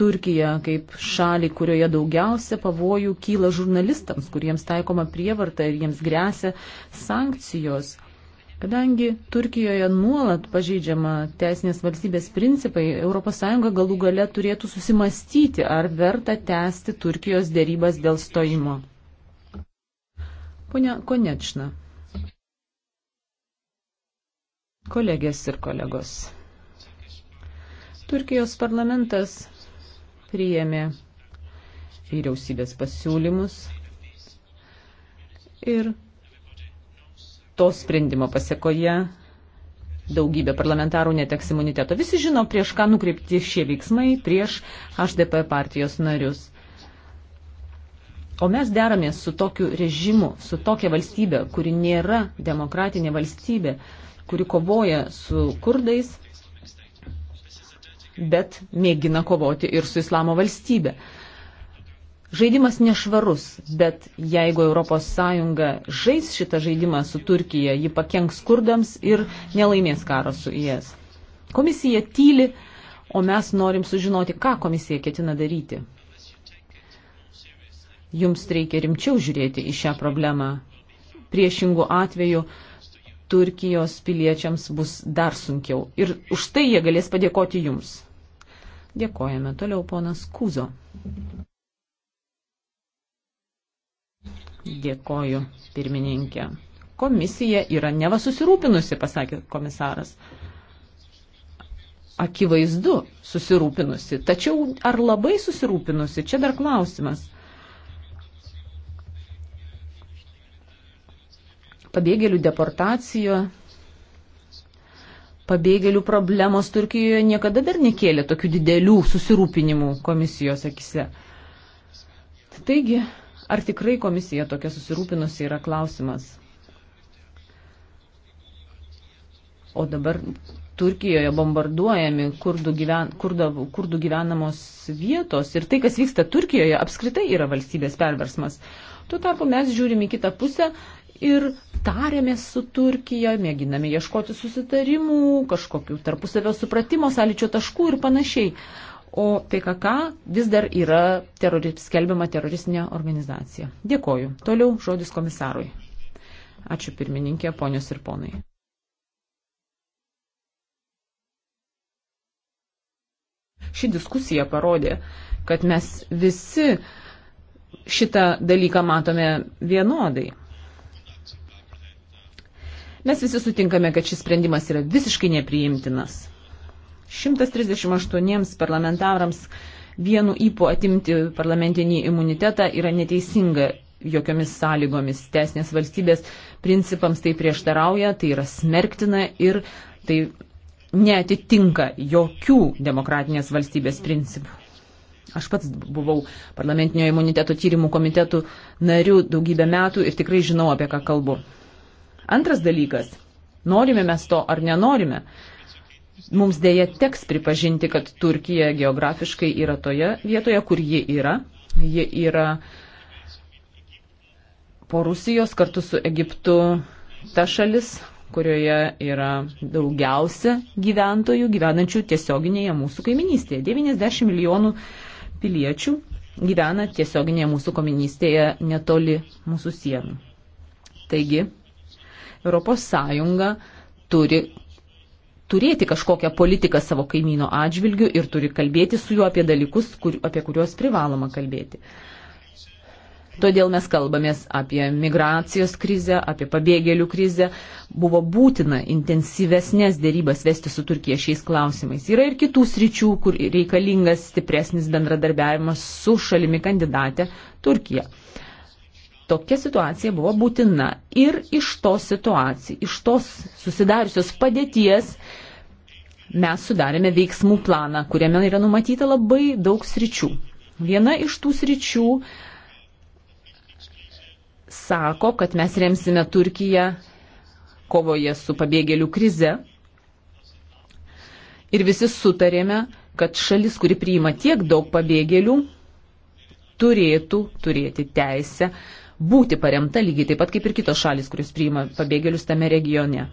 Turkiją kaip šalį, kurioje daugiausia pavojų kyla žurnalistams, kuriems taikoma prievarta ir jiems grėsia sankcijos. Kadangi Turkijoje nuolat pažeidžiama teisinės valstybės principai, ES galų gale turėtų susimastyti, ar verta tęsti Turkijos dėrybas dėl stojimo. Pone Konečna. Kolegės ir kolegos. Turkijos parlamentas priėmė vyriausybės pasiūlymus ir to sprendimo pasiekoje daugybė parlamentarų neteks imuniteto. Visi žino, prieš ką nukreipti šie veiksmai, prieš HDP partijos narius. O mes deramės su tokiu režimu, su tokia valstybė, kuri nėra demokratinė valstybė, kuri kovoja su kurdais bet mėgina kovoti ir su islamo valstybė. Žaidimas nešvarus, bet jeigu ES žais šitą žaidimą su Turkija, ji pakenks kurdams ir nelaimės karo su IS. Komisija tyli, o mes norim sužinoti, ką komisija ketina daryti. Jums reikia rimčiau žiūrėti į šią problemą. Priešingų atveju Turkijos piliečiams bus dar sunkiau. Ir už tai jie galės padėkoti jums. Dėkojame. Toliau ponas Kuzo. Dėkoju, pirmininkė. Komisija yra neva susirūpinusi, pasakė komisaras. Akivaizdu susirūpinusi. Tačiau ar labai susirūpinusi, čia dar klausimas. Pabėgėlių deportacijo Pabėgėlių problemos Turkijoje niekada dar nekėlė tokių didelių susirūpinimų komisijos akise. Taigi, ar tikrai komisija tokia susirūpinusi yra klausimas? O dabar Turkijoje bombarduojami kurdų, gyven, kurda, kurdų gyvenamos vietos ir tai, kas vyksta Turkijoje, apskritai yra valstybės perversmas. Tuo tarpu mes žiūrim į kitą pusę ir tarėmės su Turkija, mėginame ieškoti susitarimų, kažkokių tarpusavio supratimo, sąlyčio taškų ir panašiai. O PKK vis dar yra terorist, skelbiama teroristinė organizacija. Dėkoju. Toliau žodis komisarui. Ačiū pirmininkė, ponios ir ponai. Ši diskusija parodė, kad mes visi šitą dalyką matome vienodai. Mes visi sutinkame, kad šis sprendimas yra visiškai nepriimtinas. 138 parlamentarams vienu įpu atimti parlamentinį imunitetą yra neteisinga jokiomis sąlygomis. Tesnės valstybės principams tai prieštarauja, tai yra smerktina ir tai neatitinka jokių demokratinės valstybės principų. Aš pats buvau parlamentinio imuniteto tyrimų komitetų narių daugybę metų ir tikrai žinau, apie ką kalbu. Antras dalykas. Norime mes to ar nenorime. Mums dėja teks pripažinti, kad Turkija geografiškai yra toje vietoje, kur ji yra. Ji yra po Rusijos kartu su Egiptu ta šalis, kurioje yra daugiausia gyventojų gyvenančių tiesioginėje mūsų kaiminystėje. 90 milijonų piliečių gyvena tiesioginėje mūsų kaiminystėje netoli mūsų sienų. Taigi, ES turi turėti kažkokią politiką savo kaimyno atžvilgių ir turi kalbėti su juo apie dalykus, kur, apie kuriuos privaloma kalbėti. Todėl mes kalbamės apie migracijos krizę, apie pabėgėlių krizę. Buvo būtina intensyvesnės dėrybas vesti su Turkija šiais klausimais. Yra ir kitų sričių, kur reikalingas stipresnis bendradarbiavimas su šalimi kandidatė Turkija. Uh, Tokia situacija buvo būtina ir iš tos situacijos, iš tos susidariusios padėties mes sudarėme veiksmų planą, kuriame yra numatyta labai daug sričių. Viena iš tų sričių sako, kad mes remsime Turkiją kovoje su pabėgėlių krize. Ir visi sutarėme, kad šalis, kuri priima tiek daug pabėgėlių, turėtų turėti teisę būti paremta lygiai taip pat kaip ir kitos šalis, kuris priima pabėgėlius tame regione.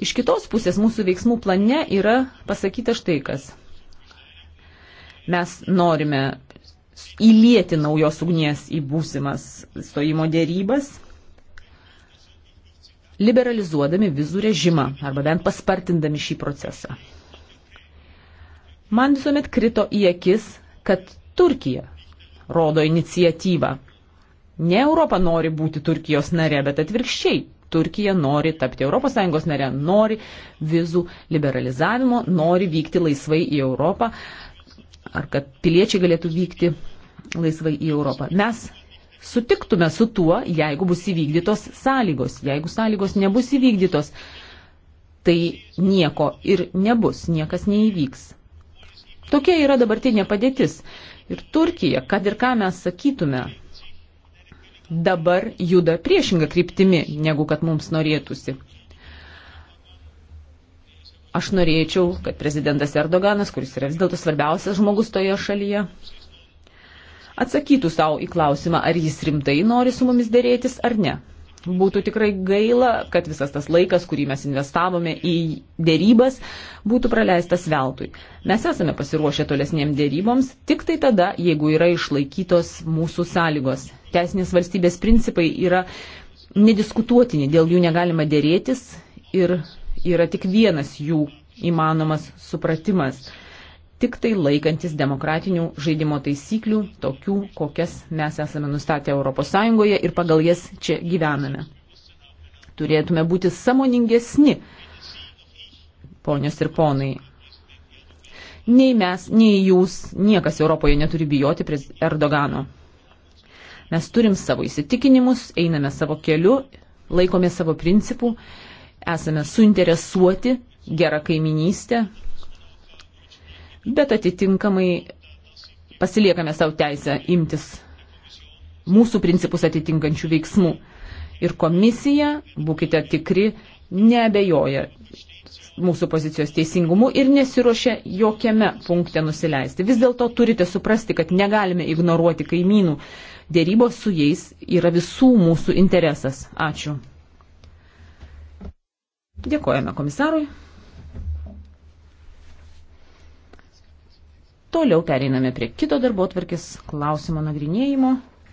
Iš kitos pusės mūsų veiksmų plane yra pasakyta štai kas. Mes norime įlieti naujos ugnies į būsimas stojimo dėrybas, liberalizuodami vizų režimą arba bent paspartindami šį procesą. Man visuomet krito į akis, kad Turkija rodo iniciatyvą Ne Europa nori būti Turkijos nare, bet atvirkščiai. Turkija nori tapti ES nare, nori vizų liberalizavimo, nori vykti laisvai į Europą, ar kad piliečiai galėtų vykti laisvai į Europą. Mes sutiktume su tuo, jeigu bus įvykdytos sąlygos. Jeigu sąlygos nebus įvykdytos, tai nieko ir nebus, niekas neįvyks. Tokia yra dabartinė padėtis. Ir Turkija, kad ir ką mes sakytume, dabar juda priešinga kryptimi, negu kad mums norėtųsi. Aš norėčiau, kad prezidentas Erdoganas, kuris yra vis dėlto svarbiausias žmogus toje šalyje, atsakytų savo į klausimą, ar jis rimtai nori su mumis dėrėtis ar ne. Būtų tikrai gaila, kad visas tas laikas, kurį mes investavome į dėrybas, būtų praleistas veltui. Mes esame pasiruošę tolesniem dėryboms tik tai tada, jeigu yra išlaikytos mūsų sąlygos. Teisinės valstybės principai yra nediskutuotini, dėl jų negalima dėrėtis ir yra tik vienas jų įmanomas supratimas tik tai laikantis demokratinių žaidimo taisyklių, tokių, kokias mes esame nustatę ES ir pagal jas čia gyvename. Turėtume būti samoningesni, ponios ir ponai. Nei mes, nei jūs, niekas Europoje neturi bijoti prie Erdogano. Mes turim savo įsitikinimus, einame savo keliu, laikome savo principų, esame suinteresuoti gerą kaiminystę, bet atitinkamai pasiliekame savo teisę imtis mūsų principus atitinkančių veiksmų. Ir komisija, būkite tikri, nebejoja mūsų pozicijos teisingumu ir nesiuošia jokiame punkte nusileisti. Vis dėlto turite suprasti, kad negalime ignoruoti kaimynų. Dėrybos su jais yra visų mūsų interesas. Ačiū. Dėkojame komisarui. Toliau pereiname prie kito darbo tvarkės klausimo nagrinėjimo.